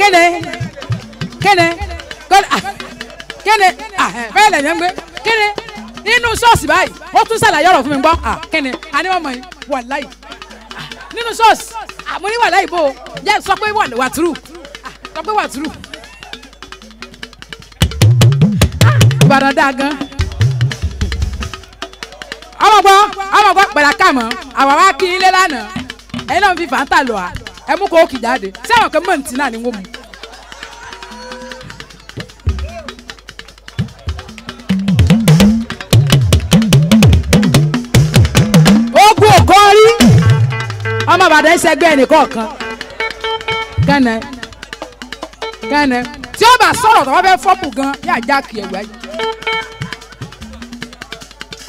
Kene, kéde ah. kéde ah, bẹ́ẹ̀ lẹ̀ yẹn ń gbé Kene, nínú ṣọ́ọ̀ṣì báyìí ó tún ṣàlàyé ọ̀rọ̀ fún mi gbọ́ ah. kene, anímọ̀mọ̀ yìí wàláyì ah. nínú ṣọ́ọ̀ṣì àmọ́ ní wàláyì bò ó yẹ sọ pé wà túrú sọ pé wà túrú ìbàdàn dáa gan ọmọ gbọ́ ọmọ gbọ́ pẹ̀lú àkàmọ́ àwọn wa kí ilé lánàá ẹ̀yin náà fi fàǹtà lọ ẹ mú kóòkì jáde sẹ́wọ̀n kan mọ̀ǹtì náà ni wọ́n mu. ogun òkò rí ọmọ Ìbàdàn ṣẹgbẹ́ ẹnìkan kan kẹ́nẹ́ kẹ́nẹ́ tí ó bá sọ̀rọ̀ tó wọ́n fẹ́ fọ́pù gan yà já kì ẹ̀wù ayé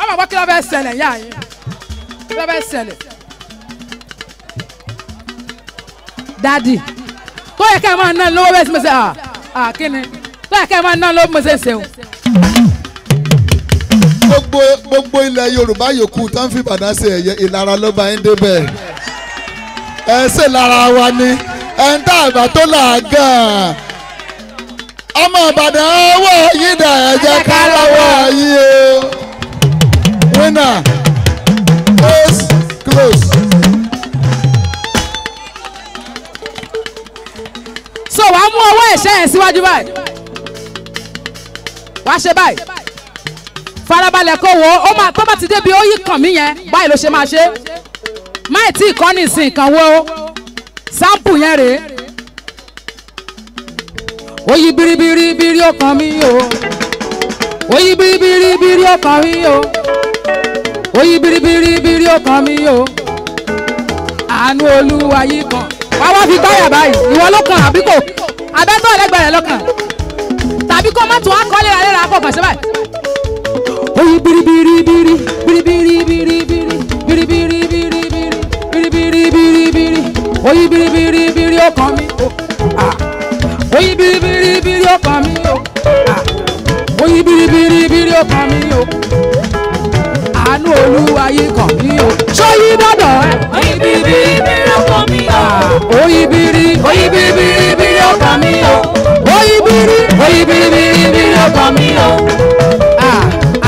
ọmọ bọ́ kí fẹ́ ṣẹlẹ̀ yà yín kí fẹ́ ṣẹlẹ̀. dádì tó yẹ kẹ́ ẹ máa ná lówó bẹ́ẹ̀ sì mo ṣe à kí ni tó yẹ kẹ́ ẹ máa ná lówó bí mo ṣe ń ṣe o. gbogbo gbogbo ilẹ̀ Yorùbá yòókù tó ń fi bàdá ṣe ẹ̀yẹ ìlara ló bá ń débẹ̀ ẹ ṣe lára wa ni ẹ ń tá àgbà tó là á gàn ọmọ Ìbàdàn ọwọ́ yín dà ẹ jẹ́ ká lọ́wọ́ yín o winner close close. wàá mú ọwọ́ ẹ̀ṣẹ́ yẹn síwájú báyìí wàá ṣe báyìí farabalẹ̀ kó wo ó máa tó bá ti débi ó yí kàn mí yẹn báyìí ló ṣe máa ṣe máì tí ì kọ́ ní ìsìn kan wo sáǹpù yẹn rèé ó yí biribiri biri ó kàn mí o ó yí biribiri biri ó kàn o ó yí biribiri biri ó kàn o àánú olúwa yí kan wá wá fi táyà báyìí ìwọ ló kàn àbí abẹ́tọ̀ ọ̀lẹ́gbẹ̀rẹ̀ lọ́kàn tàbí kó má tún akọ́ léra léra kó pàṣẹ báyìí. oyin biribiri biri biribiri biri biri biribiri biri biri biribiri biri biri oyin biribiri biri ọkàn mi o oyin biribiri biri ọkàn mi o oyin biribiri biri ọkàn mi o àánú olúwa yìí kàn mí o ṣó yí bọ́dọ̀ ẹ. oyin biribiri biri ọkàn mi o. oyin biri oyin biribiri. yóò kàn mí o. Ah,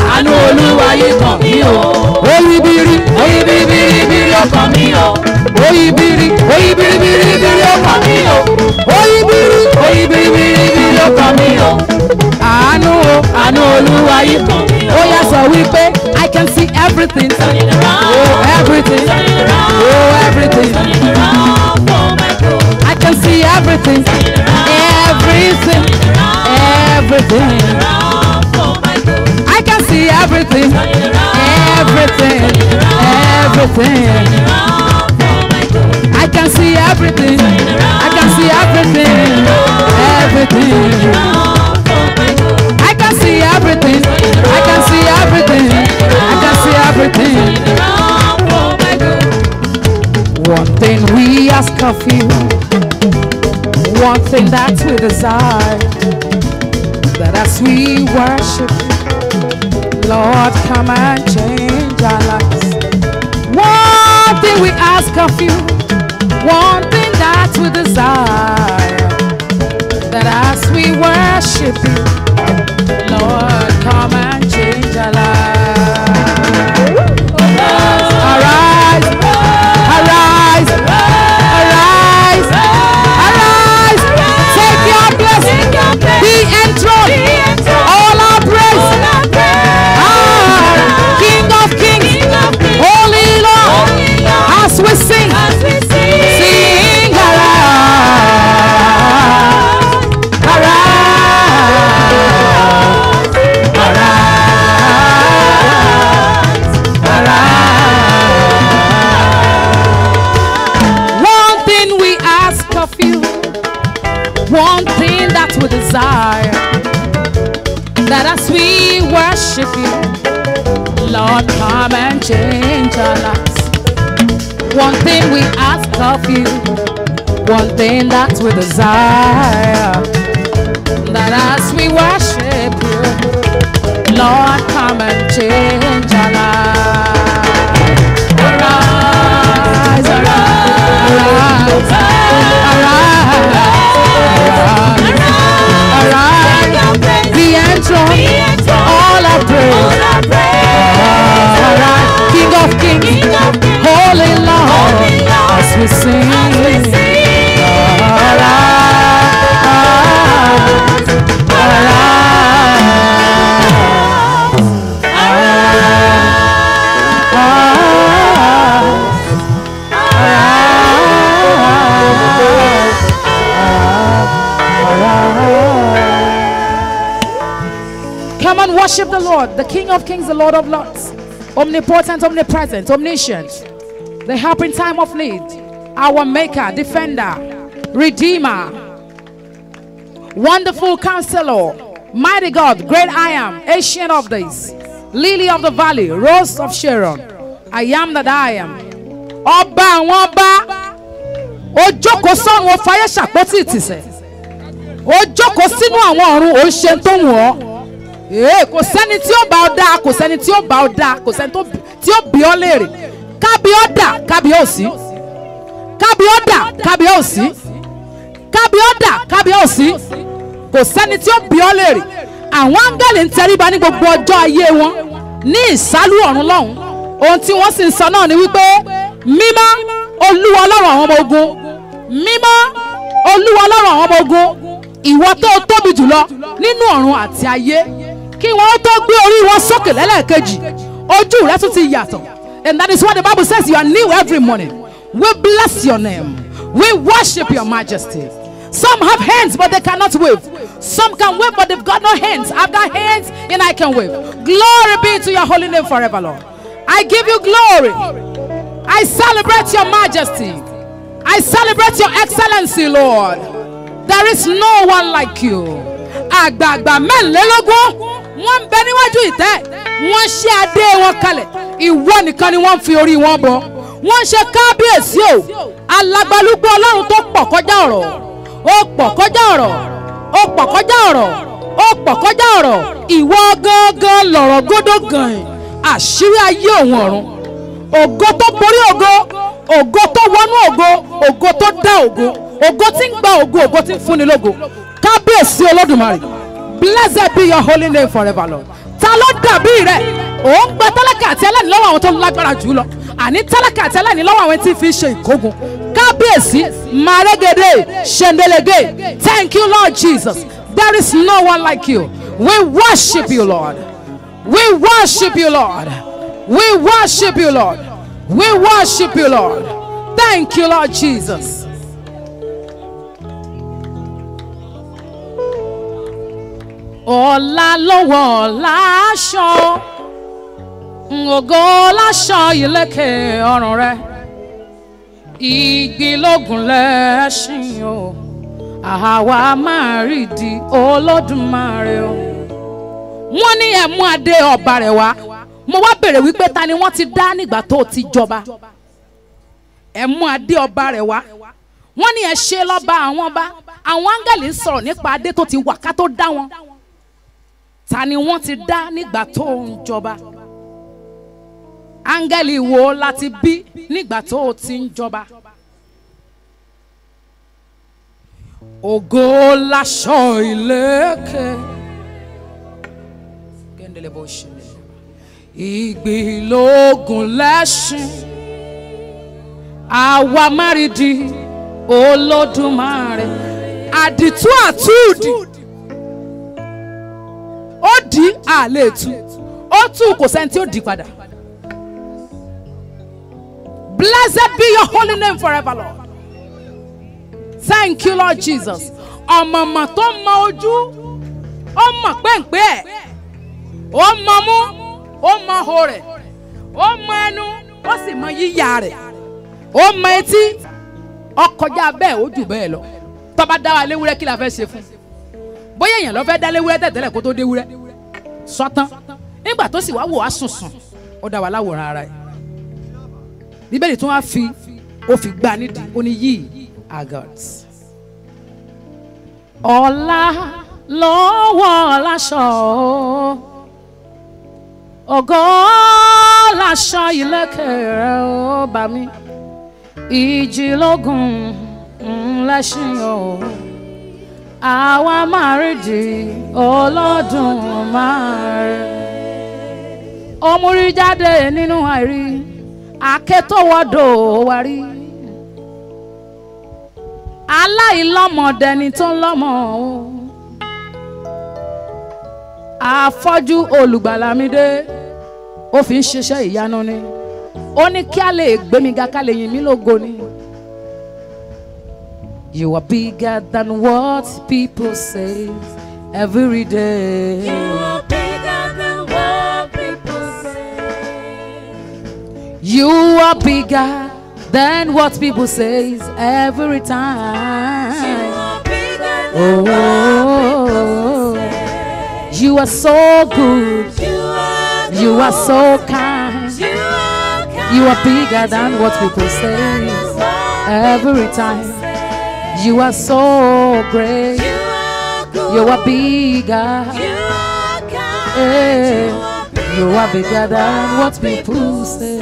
àánú olúwa yìí kàn mí o. oyin biri. oyin biri biri yóò kàn mí o. oyin biri. oyin biri biri biri yóò kàn mí o. oyin biri. oyin biri biri biri yóò kàn mí o. àánú o. àánú olúwa yìí kàn mí o. ó yá sọ wípé I can see everything. Turn it around. Oh, everything. Turn it around. Oh, everything. Turn it around for my good. I can see everything. Turn it around. Everything. Turn it around. everything. I can see everything. Everything. Everything. I can see everything. I can see everything. Everything. I can see everything. I can see everything. I can see everything. One thing we ask of you. One thing that we desire that as we worship Lord, come and change our lives. One thing we ask of you, one thing that we desire, that as we worship you, Lord, then that's with desire. worship the Lord, the King of Kings, the Lord of Lords, omnipotent, omnipresent, omniscient, the help in time of need, our Maker, Defender, Redeemer, Wonderful Counselor, Mighty God, Great I Am, Ancient of Days, Lily of the Valley, Rose of Sharon, I Am that I Am. Ọba ọba, ó jókòó sọ́run fayé ṣàpótí ìtìsẹ̀, sínú àwọn ọ̀run ṣe tó ọ́. Eh, kò sẹ́ni tí ó bá ọ dá kò sẹ́ni tí ó bá ọ dá kò sẹ́ni tí ó bí ọ léèrè kábí ọ dà kábí ọ sí kábí ọ dà kábí ọ sí kábí ọ dà kábí ọ sí kò sẹ́ni tí ó bí ọ léèrè àwọn áńgẹ́lì ń tẹríba ní gbogbo ọjọ́ ayé wọn ní ìsálú ọ̀run lọ́hùn ohun tí wọ́n sì ń sọ náà ni wípé mímọ́ olúwa ọlọ́run àwọn ọmọ ogun mímọ́ olúwa ọlọ́run àwọn ọmọ ogun ìwọ tó tóbi jùlọ nínú ọ̀run àti ayé. kí wọ́n tó gbé orí wọn sókè lẹ́lẹ́kejì ojú rẹ tún ti yàtọ̀ and that is why the bible says you are new every morning we bless your name we worship your majesty some have hands but they cannot wave some can wave but they've got no hands i've got hands and i can wave glory be to your holy name forever lord i give you glory i celebrate your majesty i celebrate your excellency lord there is no one like you àgbààgbà mẹ́lẹ́lógún. wọ́n ń bẹ níwájú ìtẹ́ wọ́n ṣe adé wọn kalẹ̀ ìwọ nìkan ni wọ́n ń fi orí wọn bọ wọ́n ń ṣe kábíyèsí o alágbálúgbó ọlọ́run tó pọ̀ kọjá ọ̀rọ̀ ó pọ̀ kọjá ọ̀rọ̀ ó pọ̀ kọjá ọ̀rọ̀ ó pọ̀ kọjá ọ̀rọ̀ ìwọ gangan lọ̀rọ̀ gódó gan àṣírí ayé òun ọ̀run ògo tó borí ògo ògo tó wọnú ògo ògo tó dá ògo ògo tí ń gba ògo ògo tí ń fúnni lógo kábíyèsí olódùmarè. blessed be your holy name forever lord ta ló dàbí rẹ ò ń gba tálákà àti ni lawa àwọn tó lágbára jù lọ àní tálákà àti ni lawa wenti tí fi Kabesi, ìkógun kábíyèsí màrégede ṣèǹdélégé thank you lord jesus there is no one like you we worship you lord we worship you lord we worship you lord we worship you lord thank you lord jesus. ọ̀la lọ́wọ́ láṣọ ògo láṣọ ìlẹ́kẹ̀ ọrùn rẹ igi lógun lẹ́ṣin o àwa máa rí di olódùmarè o. wọ́n ní ẹ̀mú adé ọba rẹ̀ wá mo wá bèrè wípé ta ni wọ́n ti dá nígbà tó ti jọba ẹ̀mú adé ọba rẹ̀ wá wọ́n ní ẹ ṣe lọ́ba àwọn ọba àwọn áńgẹ̀lì ń sọ̀rọ̀ nípa adé tó ti wà ká tó dá wọn ta ni wọ́n ti dá nígbà tó ń jọba áńgẹ́lì wo la ti bí nígbà tó o ti ń jọba ògo láṣọ ìlẹ́kẹ̀ ìgbìlógún lẹ́ṣin àwa márìdì olódùmarè àdìtú àtúndì ó dì í àlè tu ó tú kò sẹ́ni tí ó dì padà. Blessed be your holy name forever, Lord. Thank you, Lord Jesus. Ọ̀mọ̀mọ̀ tó mọ ojú, ó mọ̀ pẹ́ǹpẹ́ ẹ̀, ó mọ mú, ó mọ ho rẹ̀, ó mọ ẹnu, ó sì mọ yíyá rẹ̀, ó mọ etí, ó bẹ́ẹ̀ ó bẹ́ẹ̀ lọ. Tó dá wa léwúrẹ́ kí la fẹ́ ṣe fún un bóyá èèyàn lọ́fẹ́ dá léwúrẹ́ tẹ̀tẹ̀lẹ̀ kó tó déwúrẹ́ sọ́tán nígbà tó sì wá wò á sùn ó dá wa láwòrán ara ẹ̀ bíbélì tí wọ́n á fi ó fi gbá nídìí ó ní yìí are ọ̀la lọ́wọ́ láṣọ ògo láṣọ ìlẹ̀kẹ̀ rẹ̀ ó bá mi ìjì ńlẹ́sìn o àwa máa rí di ọlọ́dún máre. omori jáde nínú àìrí akétòwọ́dò wa rí. aláìlọ́mọdẹni tó ń lọ́mọ o. àfọ́jú olùgbàlámídé ó fi ń ṣiṣẹ́ ìyanu ni ó ní kí a lè gbémiga ká lè yìn mí lógo ni. You are bigger than what people say every day. You are bigger than what people say. You are bigger than what people say every time. You are bigger than oh, what people say. You are so good. You are, you are so kind. You are, kind. You are bigger than what people say every time. You are so great. You are You are bigger. You are kind. Hey. Eh, you, are bigger than what people say.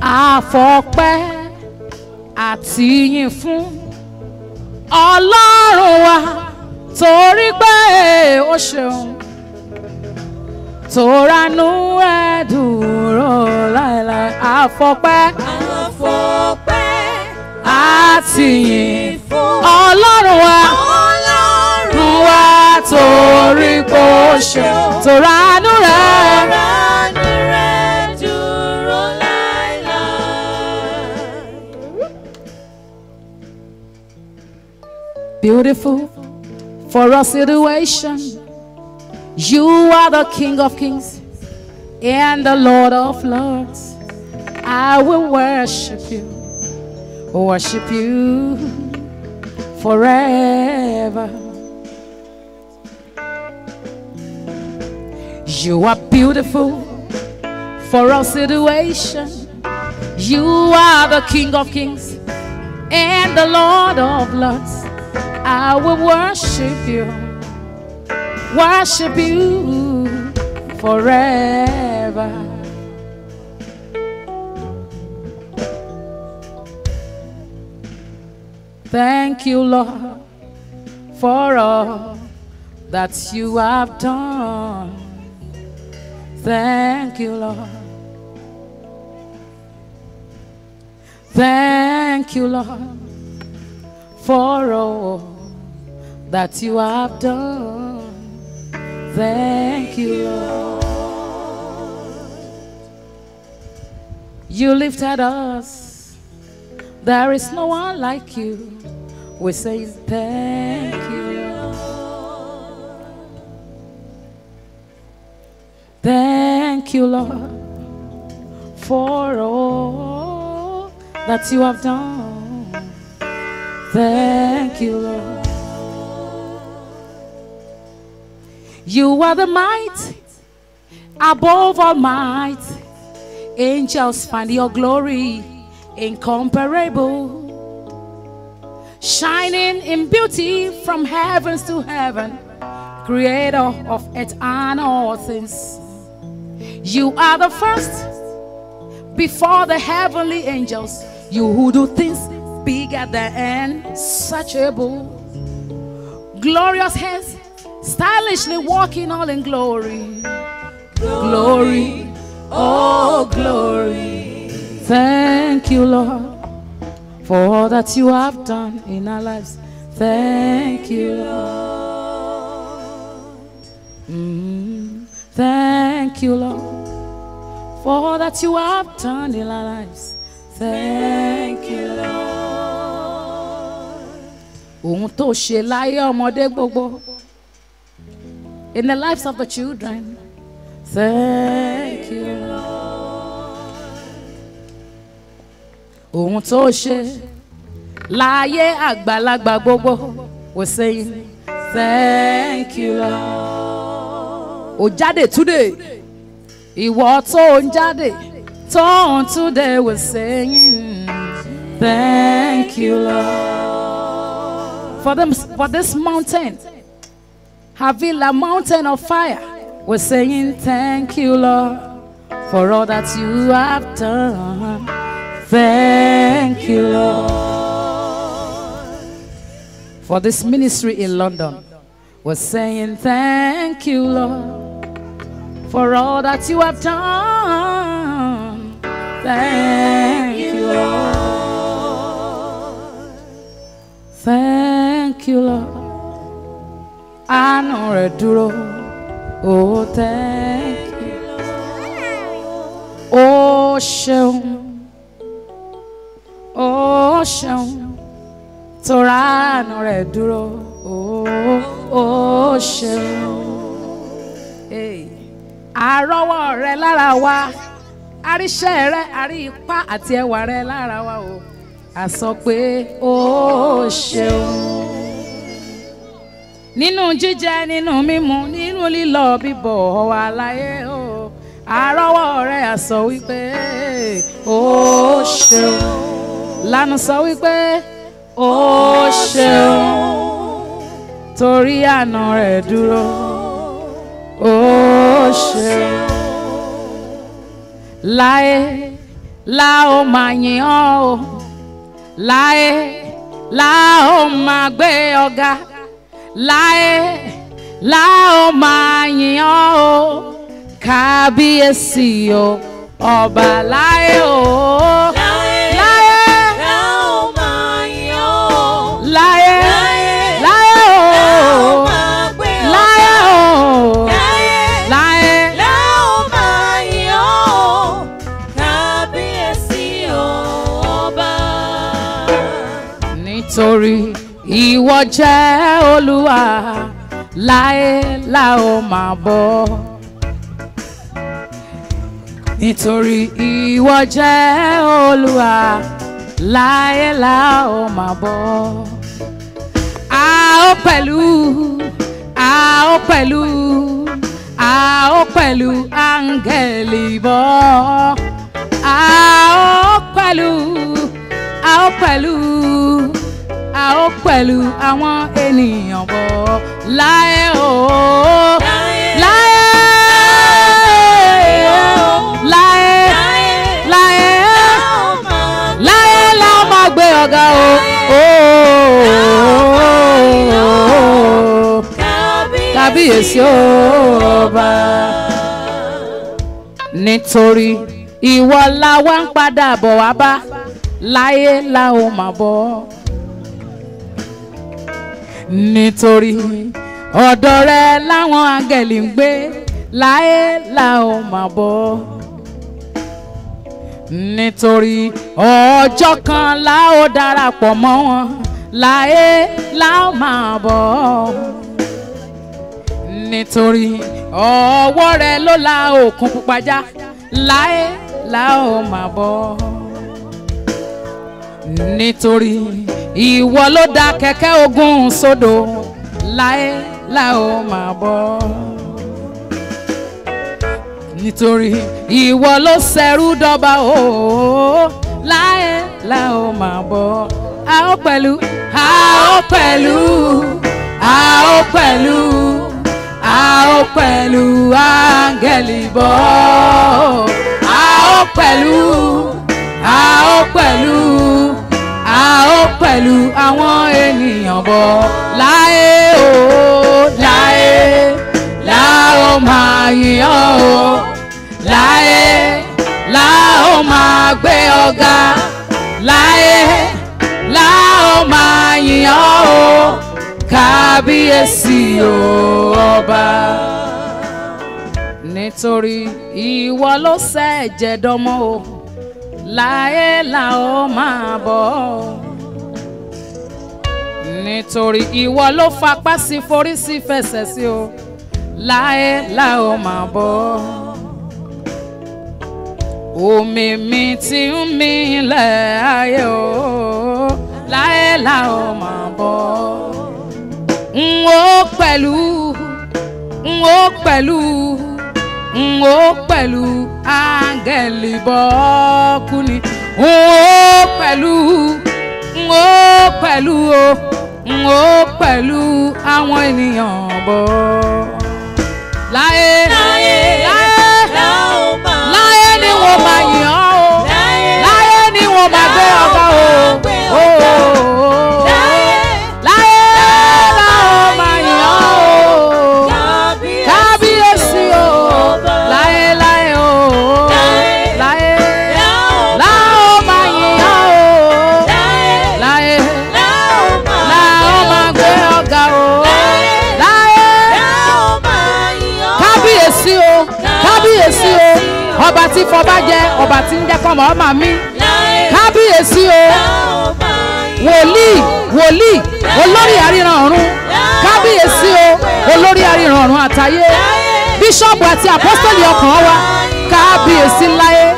Àfọpẹ́ àtìyìn fún Ọlọ́run wa torí pé ó ṣeun toranu I, rọ̀ láìláì àfọpẹ́ láti yìn ọlọ́run wa ọlọ́run wa torí kò ṣe tòránú rẹ̀. Beautiful for our situation. You are the King of kings and the Lord of lords. I will worship you worship you forever. You are beautiful for all situation. You are the King of kings and the Lord of lords. I will worship you, worship you forever. Thank you, Lord, for all that you have done. Thank you, Lord. Thank you, Lord, for all that you have done. Thank you, Lord. You lifted us. There is no one like you we say thank you, Lord. Thank you, Lord, for all that you have done. Thank you, Lord. You are the might above all might. Angels find your glory incomparable shining in beauty from heavens to heaven, creator of it and all things. You are the first before the heavenly angels, you who do things bigger than unsearchable. Glorious hands, stylishly walking all in glory. Glory, oh glory. Thank you, Lord for all that you have done in our lives. Thank you, Lord. Mm-hmm. thank you, Lord, for all that you have done in our lives. Thank you, Lord. Ohun tó ṣe láyé ọmọdé gbogbo. In the lives of the children. Thank you, Lord. ohun tó ṣe láyé àgbàlagbà gbogbo kò sẹ́yìn thank you Lord. ó jáde today ìwọ tó ń jáde tó ń today kò sẹ́yìn thank you Lord. for them for this mountain Havila mountain of fire we're saying thank you Lord for all that you have done. Thank you, Lord. For this ministry in London We're saying, Thank you, Lord, for all that you have done. Thank you, Lord. Thank you, Lord. know rẹ̀ dúró. Oh, thank you. Oh, ṣeun. ó ṣeun tó ránu rẹ̀ dúró ó ṣeun àrọ́wọ́ rẹ̀ lára wa àríṣẹ́ rẹ̀ àrí ipá àti ẹwà rẹ̀ lára wa o a sọ pé ó ṣeun. nínú jíjẹ nínú mímu nínú lílọ bíbọ̀ ọwọ́ aláyé o àrọ́wọ́ rẹ̀ a sọ wípé ó ṣeun lánà sọ wípé ó ṣeun torí àna rẹ̀ dúró ó ṣeun láé la máa yìn ọ́ o láé la máa gbé ọ̀gá láé la ó máa yìn ọ́ o kábíyèsí o ọba láé o. láé. torí ìwọ jẹ́ olúwa láé la ó máa bọ́ nítorí ìwọ jẹ́ olúwa láé la máa bọ́ a ó pẹ̀lú a ó pẹ̀lú a ó pẹ̀lú áńgẹ́lì bọ́ a ó pẹ̀lú a ó pẹ̀lú a ó pẹ̀lú àwọn ènìyàn bọ̀ láyé o. láyé o. láyé láyé láyé la máa gbé ọ̀gá o. kábíyèsí ọba nítorí ìwọ la wá ń padà bọ̀ wá bá láyé la ó máa bọ̀ nítorí ọ̀dọ̀ rẹ láwọn áńgẹ́lì ń gbé láé la ó máa bọ̀ nítorí ọjọ́ kan la ó darapọ̀ mọ́ wọn láé la ó máa bọ̀ nítorí ọwọ́ rẹ ló la òkun pupa já láé la ó máa bọ̀ nítorí ìwọ ló da kẹ̀kẹ́ ogun sódò láé láé ó máa bọ́ nítorí ìwọ ló ṣẹrú dọ́ba òó láé láé ó máa bọ́ a ó pẹ̀lú a ó pẹ̀lú a ó pẹ̀lú a ó pẹ̀lú áńgẹ́lì bọ́ a ó pẹ̀lú a ó pẹ̀lú ó pẹ̀lú àwọn ènìyàn bọ̀ láyé o láyé la ó máa yìn ọ́ o láyé la ó máa gbé ọ̀gá láyé la ó máa yìn ọ́ o kábíyèsí o ọba nítorí ìwọ ló ṣẹ̀jẹ̀ dánmọ́ o láyé la ó máa bọ̀ ọ́ nítorí ìwọ ló fapá sí forí sí fẹsẹ̀ sí o láé láé ó máa bọ́. omi mi ti ń mi ilẹ̀ ayé o láé láé ó máa bọ́. n ó pẹ̀lú n ó pẹ̀lú n ó pẹ̀lú áńgẹ̀lì bọ́ọ̀kú ni n ó pẹ̀lú n ó pẹ̀lú o n ó pẹ̀lú àwọn ènìyàn bọ̀ láyé láyé láyé ni wọ́n máa yàn ọ́ láyé ni wọ́n máa gbé ọba o. tí fọba jẹ ọba tí ń jẹ́ kọ́mọ ọmọ mi kábíyèsí o wòlíì wòlíì olórí àríran ọ̀run kábíyèsí o olórí àríran ọ̀run àtayé bíṣọ́ọ̀bù àti àpọ́sítọ́lì ọkàn wa kábíyèsí láyé.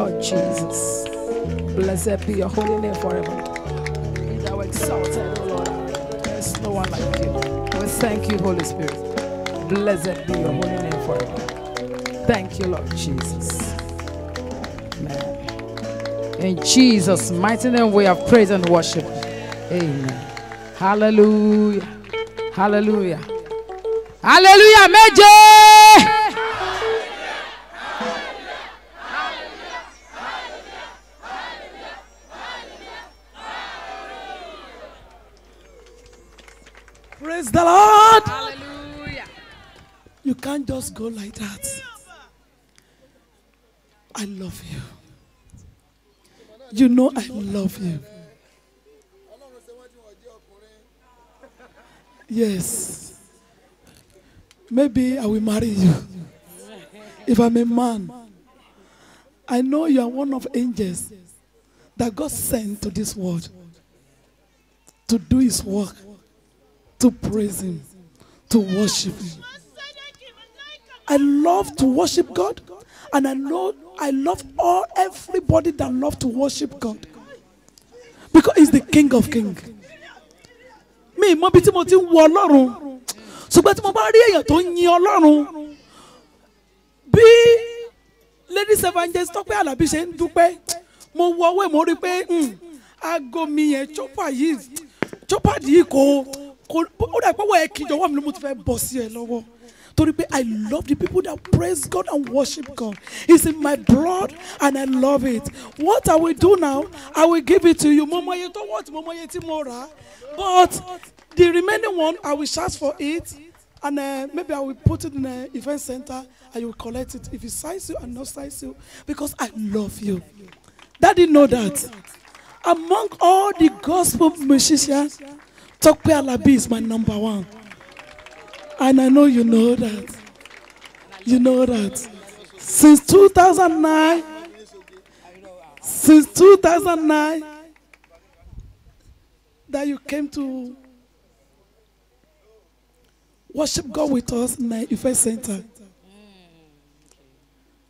Lord Jesus. Blessed be your holy name forever. thou exalted, O Lord. There's no one like you. We thank you, Holy Spirit. Blessed be your holy name forever. Thank you, Lord Jesus. Amen. In Jesus' mighty name, we have praise and worship. Amen. Hallelujah. Hallelujah. Hallelujah. Major. You can't just go like that. I love you. You know I love you. Yes. Maybe I will marry you. If I'm a man, I know you are one of angels that God sent to this world to do his work, to praise him, to worship him. I love to worship God, and I know I love all everybody that love to worship God because He's the King of Kings. Me mọ bí tí mo ti ń wo Ọlọ́run, ṣùgbọ́n tí mo bá rí èèyàn tó yin Ọlọ́run, bí ladies evangelist Tọ́pẹ́ Àlàbí ṣe ń dúpẹ́, mo wo ọwọ́ ìmọ̀ rí pé hmm, aago mi yẹn chopper yìí chopper yìí kò ó dà pé wọ́n ẹ kí jọ̀wọ́ mi ló mo ti fẹ́ bọ̀ sí ẹ lọ́wọ́ torí pé I love the people that praise God and worship God. It's in my blood and I love it. What I will do now, I will give it to you. Mama. You don't want Mama ti mo But the remaining one, I will charge for it. And uh, maybe I will put it in an event center and you will collect it. If it size you and not size you, because I love you. Daddy know that. Among all the gospel musicians, Tokpe Alabi is my number one. And I know you know that. You know that. Since 2009, since 2009, that you came to worship God with us in the Ife Center.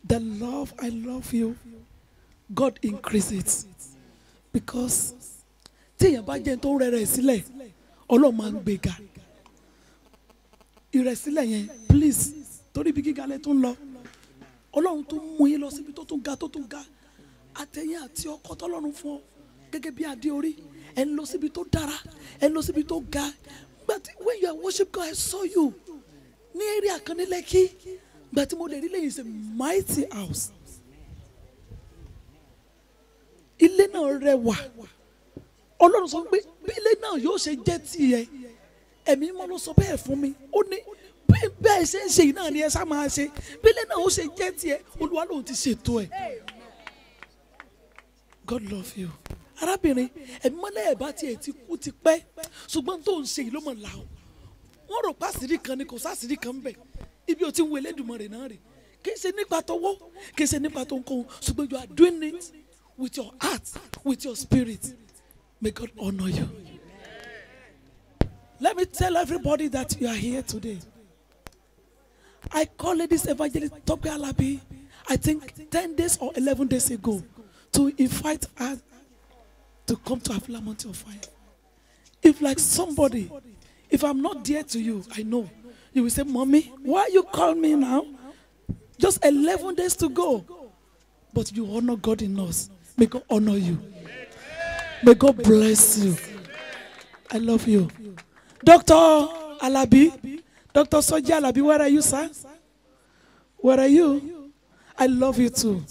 The love, I love you. God increase it. Because ìrẹ̀sílẹ̀ yẹn please torí ibi gíga lẹ tó ń lọ ọlọ́run tó mú yín lọ síbi tó tún ga tó tún ga àtẹ̀yìn àti ọkọ tọ́lọ́run fún ọ gẹ́gẹ́ bí adé orí ẹ̀ ń lọ síbi tó dára ẹ̀ ń lọ síbi tó ga but when you are worship God I saw you ní area kan ní Lẹ́kì gbà tí mo lè rí lẹ́yìn is a mighty house ilé náà rẹwà ọlọ́run sọ pé bí ilé náà yóò ṣe jẹ́ tiẹ̀ ẹ̀mí mọ́ ló sọ bẹ́ẹ̀ fún mi ó ní bẹ́ẹ̀ ṣe ń ṣe yìí náà ni ẹ sá máa ṣe bílẹ̀ náà ó ṣe jẹ́ tiẹ̀ olúwa lòun ti ṣètò ẹ̀ God love you arábìnrin ẹ̀mí mọ́lẹ̀ ẹ̀ bá tiẹ̀ ti kú ti pẹ́ ṣùgbọ́n tó ń ṣe yìí ló mọ̀ là ó wọ́n rò pásìrí kan ni kò sásìrí kan bẹ̀ ibi ò ti ń wo Elédùmarè náà rè kì í ṣe nípa tọwọ́ kì í ṣe nípa tó ń kóhun ṣùgbọ́n you are doing it with your heart with your spirit may God honour you. Let me tell everybody that you are here today. I called this evangelist Tope Alabi, I think 10 days or 11 days ago, to invite her to come to Afla Mountain of Fire. If like somebody, if I'm not dear to you, I know, you will say, Mommy, why you call me now? Just 11 days to go. But you honor God in us. May God honor you. May God bless you. I love you. Doctor Alabi, Doctor Soji Alabi, where are you, sir? Where are you? I love you too.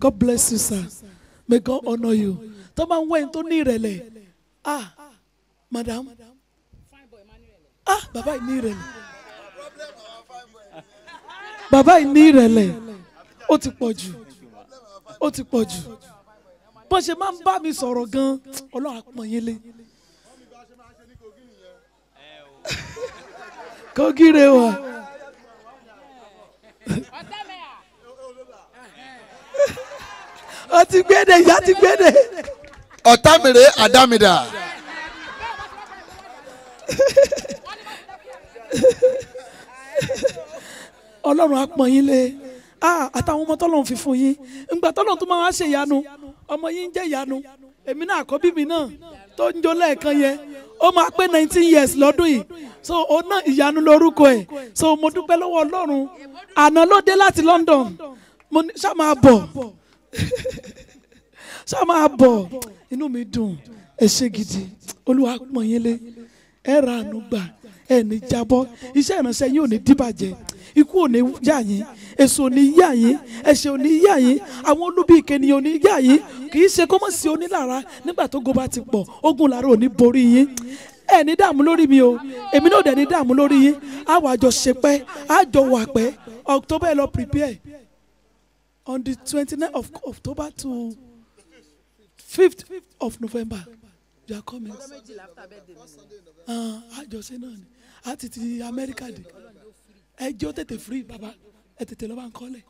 God bless you, sir. May God honor you. Toma máa to wẹ̀ tó Ah, madam. Ah, bàbá yìí ní ìrẹ̀lẹ̀. Bàbá yìí ní ìrẹ̀lẹ̀. Ó ti pọ̀ jù. Ó ti pọ̀ jù. ṣe máa ń bá mi sọ̀rọ̀ gan-an, Ọlọ́run á kókìrè wa. ó ti gbéde ìyá ti gbéde. ọ̀tàmìrè àdámìdà. ọlọ́run á pọ́n yín lé àtàwọn ọmọ tọ́lọ́run fi fún yín ńgbà tọ́lọ́run tó máa wá ṣe ìyanu ọmọ yín ń jẹ́ ìyanu èmi náà àkọ́bí mi náà tó ń jó lẹ́ẹ̀kan yẹn ó máa pé nineteen years lọ́dún yìí so òun náà ìyanu lórúkọ ẹ̀ so mo dúpẹ́ lọ́wọ́ ọlọ́run àná ló dé láti London mo ní ṣá máa bọ̀ ṣá máa bọ̀ inú mi dùn ẹ ṣé gidi olúwa pọ̀nyẹ́lé ẹ ra àánú gbà ẹ ní jábọ́ iṣẹ́ ìránṣẹ́ yín ò ní dìbàjẹ́ ikú ò ní yà yín èso ò ní yà yín ẹ̀ṣẹ̀ ò ní yà yín àwọn olúbi ìkẹnìyàn ò yà yín kì í ṣe kó mọ̀ sí onílára nígbà tó goba ti pọ̀ ogun làrá ò ní borí yín ẹ ní dààmú lórí mi o èmi náà dẹ̀ ní dààmú lórí yín àwọn àjọ ṣepẹ́ àjọ wà pẹ́ October lọ prepare on the twenty nine of October to fifth of November you are coming. Ah, àjọṣe náà ni a ti ti Amẹ́ríkà dé ẹ jẹ́ ó tètè free bàbá ẹ tètè lọ́ba ń kọ́lẹ̀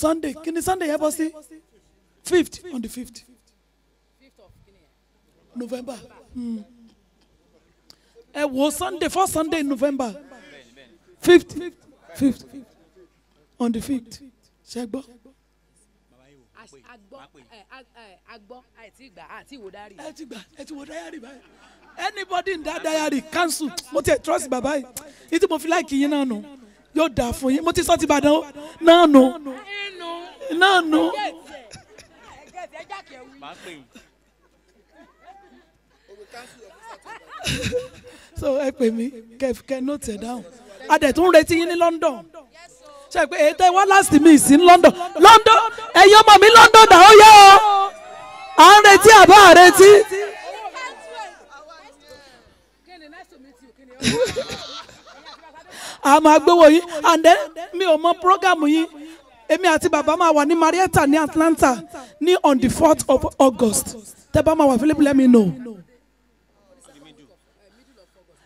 sunday kí ni sunday yẹ bọ́ sí fifth on the fifth november mm. ẹ wo sunday first sunday in november fifth fifth on the fifth ṣe gbọ́ agbọ́ agbọ́ àìtí gbà àti ìwò dárí. ẹ ti gbà ẹ ti wò dárí báyìí anybody in that diary cancel mo ti trust bàbá yìí ní mo fi like yín náà nù yóò dà fún yín mo ti sọ ti bàdàn ó náà nù náà nù. so ẹ pè mí kẹ kẹ note ẹ down adẹ tún retí yín ní London ṣe pé èyí tẹ wá last mi sí London London ẹ̀yin ọmọ mi London dà ó yẹ ọ à ń retí àbá retí. a máa gbéwò yín and then mi ò mọ program yín èmi àti bàbá máa wà ní Marietta ní Atlanta ní on the fourth of August tẹ́ bá máa wà Philip let me know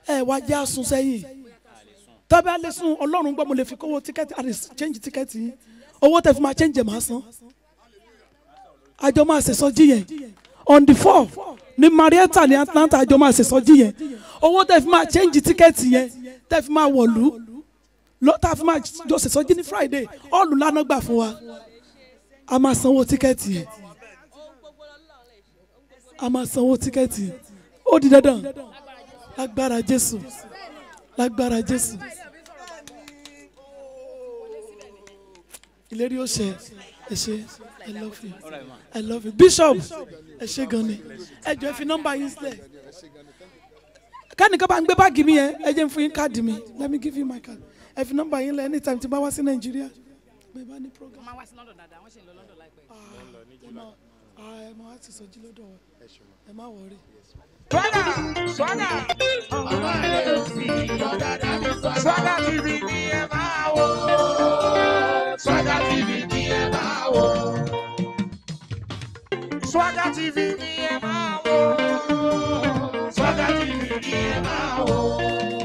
ẹ wá jẹ́ àsun sẹ́yìn tọ́bẹ̀ alẹ́ sùn ọlọ́run gbọ́ mo lè fi kówó tíkẹ́ẹ̀tì àti change tíkẹ́ẹ̀tì yín owó tẹ́ fi máa change ẹ̀ máa san àjọ máa ṣèṣọ́jí yẹn on the fourth ní Marietta ní Atlanta àjọ máa ṣèṣọ́jí yẹn owó tẹ́ fi máa change tíkẹ́ẹ̀tì yẹn tẹ́ fi máa wọ̀lú lọ́tà fi máa jọ ṣèṣọ́jí ní Friday ọ̀lù lánàá gbà fún wa a máa sanwó tíkẹ́ẹ̀tì yẹn a máa sanwó tíkẹ́ẹ̀tì yẹn ó di dandan lágbára Jésù lágbára Jésù ìlérí ó ṣe ẹ ṣe I love you I love you Bishop ẹ ṣe gan ni ẹ jọ ẹ fi nọ́mbà yín sílẹ̀ kẹ́nìkan bá ń gbé báàgì mi yẹn ẹ jẹ́ fún yín káàdì mi let me give you my card ẹ fi nọ́mbà yín lẹ anytime tí n bá wá sí nàìjíríà bẹ́ẹ̀ bá ní program. ọmọ wa sí london dáadáa wọ́n ṣe ń lọ london láìpẹ́. ẹ máa ti sọ jí lọ́dọ̀ ẹ má wọrí. sọ́dà sọ́dà ọmọ rẹ̀ ò sì lọ dáadáa ní sọ́dà. sọ́dà tv ni ẹ máa wò sọ́dà tv ni ẹ máa wò sọ́dà tv ni ẹ máa wò. sọ́jà tí the rí